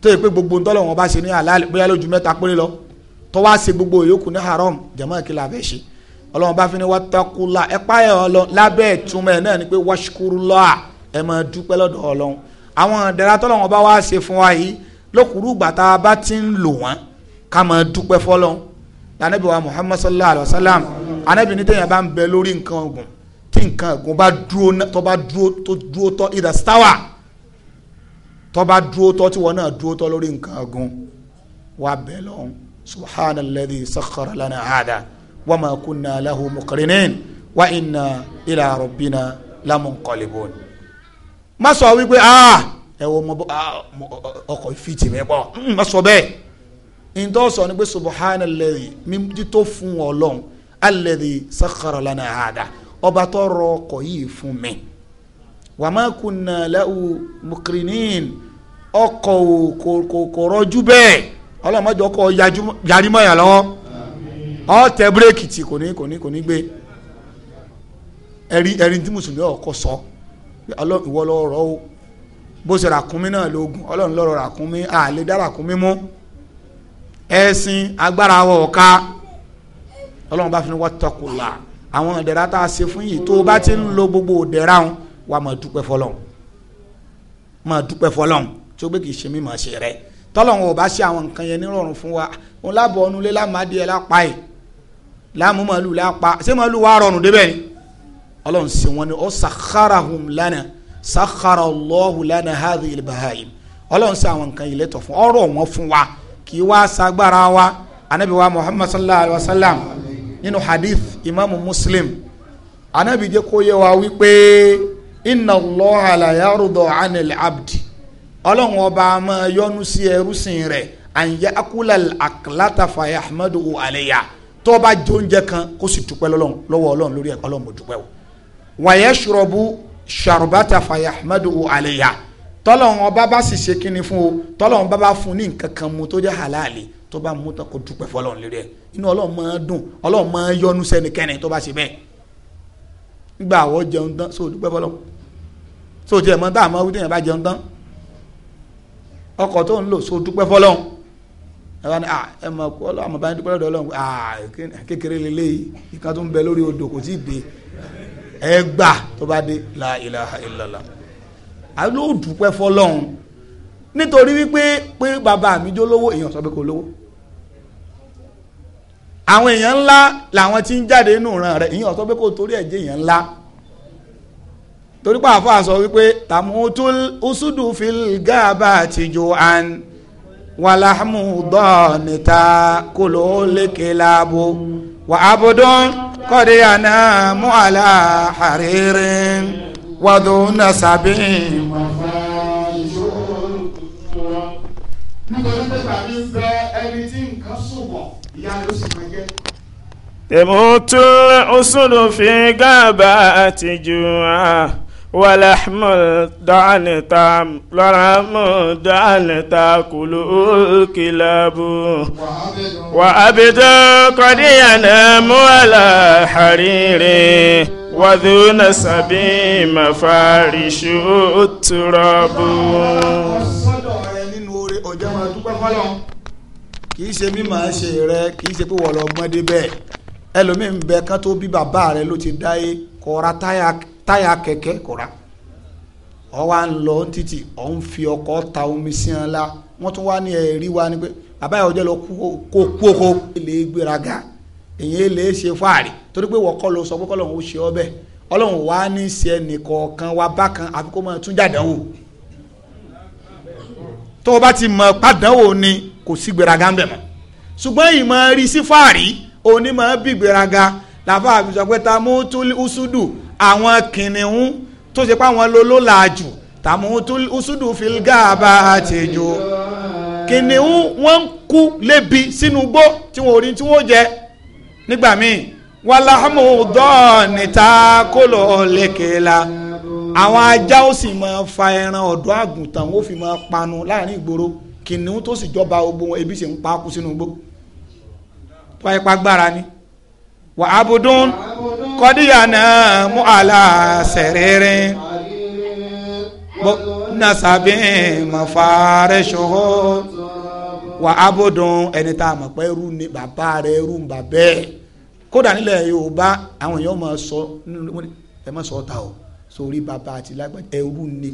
tó yẹ pé gbogbo ntọ́lọ́run ọba ṣe ní àlàálì bóyá lójú mẹ́ta péré lọ tó wá ṣe gbogbo ìyókù ní haram jama kí la fẹ́ ṣe ọlọ́run bá fi ní wàtakùlà ẹ páyà ọlọ́run lábẹ́ ìtumọ̀ ẹ̀ náà ni pé wàṣukúrúlọ́à ẹ máa dúpẹ́ lọ́dọ̀ ọlọ́run àwọn ìdẹ̀ra tọ́lọ́run bá wá ṣe fún wa yìí lókùrú gbàtà bá ti ń lò wọ́n ká máa dúpẹ́ fọlọ́run anabi wa muhammad sallallahu alaihi wa sallam anabi ní tẹ̀yìn bá ń bẹ lórí nǹkan ọ̀gùn tí nǹkan ọ̀gùn bá dúró tó bá dúró tó dúró tọ́ ìdá sítáwà tó bá dúró tọ́ tí wọn náà dúró tọ́ lórí nǹkan ọ̀gùn wa bẹ̀ lọ́hùn subhana alladhi sakhara lana hada wama kunna lahu muqrinin wa inna ila rabbina lamunqalibun. má sọ wípé ah, ẹ wo ah, ọkọ̀ ìfìtì mi bọ̀ hmm, má sọ bẹ́ẹ̀ ntọ́ sọ ni pé subhana alladhi mímú tó fún ọlọ́run alladhi sakhara lana hada ọba tó rọ ọkọ̀ yìí fún mi wàmà kunna lahu muqrinin ọkọ̀ kò kò rọjú bẹ́ẹ̀ ọlọ́mọjọ kọ yarí mọ́ yàn lọ́wọ́ ọ tẹ bírèkì tí kò ní kò ní kò ní gbé ẹ̀rí ẹ̀rí tí mùsùlùmí ọkọ sọ ọlọ́run ìwọ lọ́ọ́ rọ́ o bó ṣe ràkúnmí náà lóògùn ọlọ́run lọ́ọ́ ràkúnmí àlè dá ràkúnmí mú ẹ̀sìn agbára wọ̀ ọ̀ka ọlọ́run bá fi ní wọ́n tọkùlà àwọn ìdẹ̀ra tá a ṣe fún yìí tó o bá ti ń lo gbogbo ìdẹ̀ra wọn wà máa dúpẹ́ fọlọ́run máa dúpẹ́ fọlọ́run tó gbé kì í ṣe mí máa ṣe rẹ̀ tọ́lọ́run ò bá ṣe àwọn nǹkan yẹn nírọ̀rùn fún wa òun lábọ̀ ọ̀nulẹ̀ lámàdìẹ lápá ẹ̀ láàmú màálù lápá ṣé màálù wa rọrùn débẹ̀ ni ọlọ́run sì wọ́n ni ó sàkárahùn lánà sàkárà Allahu lánà hàdí ilbahayim ọlọ́run sì àwọn nǹkan ìletọ̀ fún ọ̀rọ̀ wọn fún wa kì í wá sagbára wa anabi wa muhammad sallallahu alayhi wa sallam nínú hadith imaamu muslim anabi jẹ́ kó wa wípé inna Allaha la yarudọ̀ anil abdi ọlọ́run ọba máa yọ́nú sí ẹrúsìn rẹ̀ àyè akúlẹ̀ àkàlàtàfà ahmadu aleya tó bá jẹ oúnjẹ kan kó sì dúpẹ́ lọ́wọ́ ọlọ́run lórí ẹ̀ ọlọ́run mo dúpẹ́ o wàyẹ̀ ṣùrọ̀bù ṣàrùbátàfà ahmadu aleya tọ́lọ́run ọba bá sì ṣe kínní fún o tọ́lọ́run bá bá fún ní nǹkan kan mu tó jẹ́ halali tó bá mú tán kó dúpẹ́ fún ọlọ́run lórí ẹ̀ inú ọlọ́run máa dùn ọlọ́run máa yọ́nú sẹ́nikẹ́ni tó bá ṣe bẹ́ẹ̀ nígbà àwọ̀ jẹun tán sóò dúpẹ́ fọlọ́run ọkọ̀ tó ń lò so dúpẹ́ fọlọ́hún ẹ wá ní à ẹ mọ̀ kó ọlọ́ àmọ̀ bá ń dúpẹ́ lọ́dọ̀ ọlọ́run à kékeré lélẹ́yìí ìkan tó ń bẹ lórí odò kò tí dé ẹ gbà tó bá dé la ilaha illallah àló dúpẹ́ fọlọ́hún nítorí wípé pé bàbá mi jó lówó èèyàn sọ pé kò lówó àwọn èèyàn ńlá làwọn ti ń jáde nínú ìran rẹ èèyàn sọ pé kò torí ẹ̀ jẹ́ èèyàn ńlá torí pé àfọ àsọ wípé tàmútul usudu fil gaaba àtijọ́ an wàláhàmù dọ́ọ̀nìta kòló lékè láàbò wà abudun kọ́dé àná mú àlà àrírí wàdùn nà sàbí. tẹ̀mú tún fi gáàbà àtijọ́ à. ولحم الضأن تام لحم الضأن تأكله الكلاب وعبد قد ينام على حرير وذو نسب مفارش التراب kì í ṣe mí màá ṣe rẹ kì í ṣe pé wọ́n lọ gbọ́n dé bẹ́ẹ̀ ẹlòmíín bẹ ká tó bí bàbá rẹ ló ti dá yé kọ́ra táyà táyà kẹ̀kẹ́ kò rà ọ wá ń lọ títì ọ ń fi ọkọ̀ ta omi sí ẹ la wọ́n tún wá ní ẹ̀rí wa ni pé bàbá yẹn ọjọ́ lọ kó kó kó lè gbéraga èyí lè ṣe fáàrí torí pé wọ́n kọ́ ló sọ pé kọ́ lóun ó ṣe ọ bẹ́ẹ̀ ọlọ́run wá ní ṣe ẹnìkọ̀ọ̀kan wa bákan àfi kó máa tún jáde tó o bá ti mọ̀ pàdánwò ni kò sí gbéraga ń bẹ̀ mọ́ ṣùgbọ́n ìmọ̀ rí sí fáàrí òní bí gbéraga làbá àfihàn mú túlí úsúdù àwọn kìnìún tó ṣe pé àwọn ló làjù tàmùtún usudu filgaba àtẹjọ kìnìún wọn ń kú lébi sínú igbó tí wọn ò rí tí wọn jẹ nígbà míì wàlámù dọ́ọ̀nìta kólọ̀ lẹ́kẹ̀ẹ́la àwọn ajá ó sì máa fa ẹran ọ̀dọ́ àgùntàn ó fi máa panu láàrin ìgboro kìnìún tó sì jọba ogbó ebi sì ń pa kú sínú igbó tó wáyé pa gbára ni wà abudun kọ́díyànà mú àlà sẹ̀rẹ̀rẹ̀ nasabi mafare soho wà abudun ẹni tá a mọ̀ pé ẹrú ni bàbá rẹ̀ ẹrú ń bà bẹ́ẹ̀ kódà nílẹ̀ Yorùbá àwọn èèyàn máa sọ ẹ má sọ ọ́ ta o sórí bàbá àti lágbàdo ẹrú ni.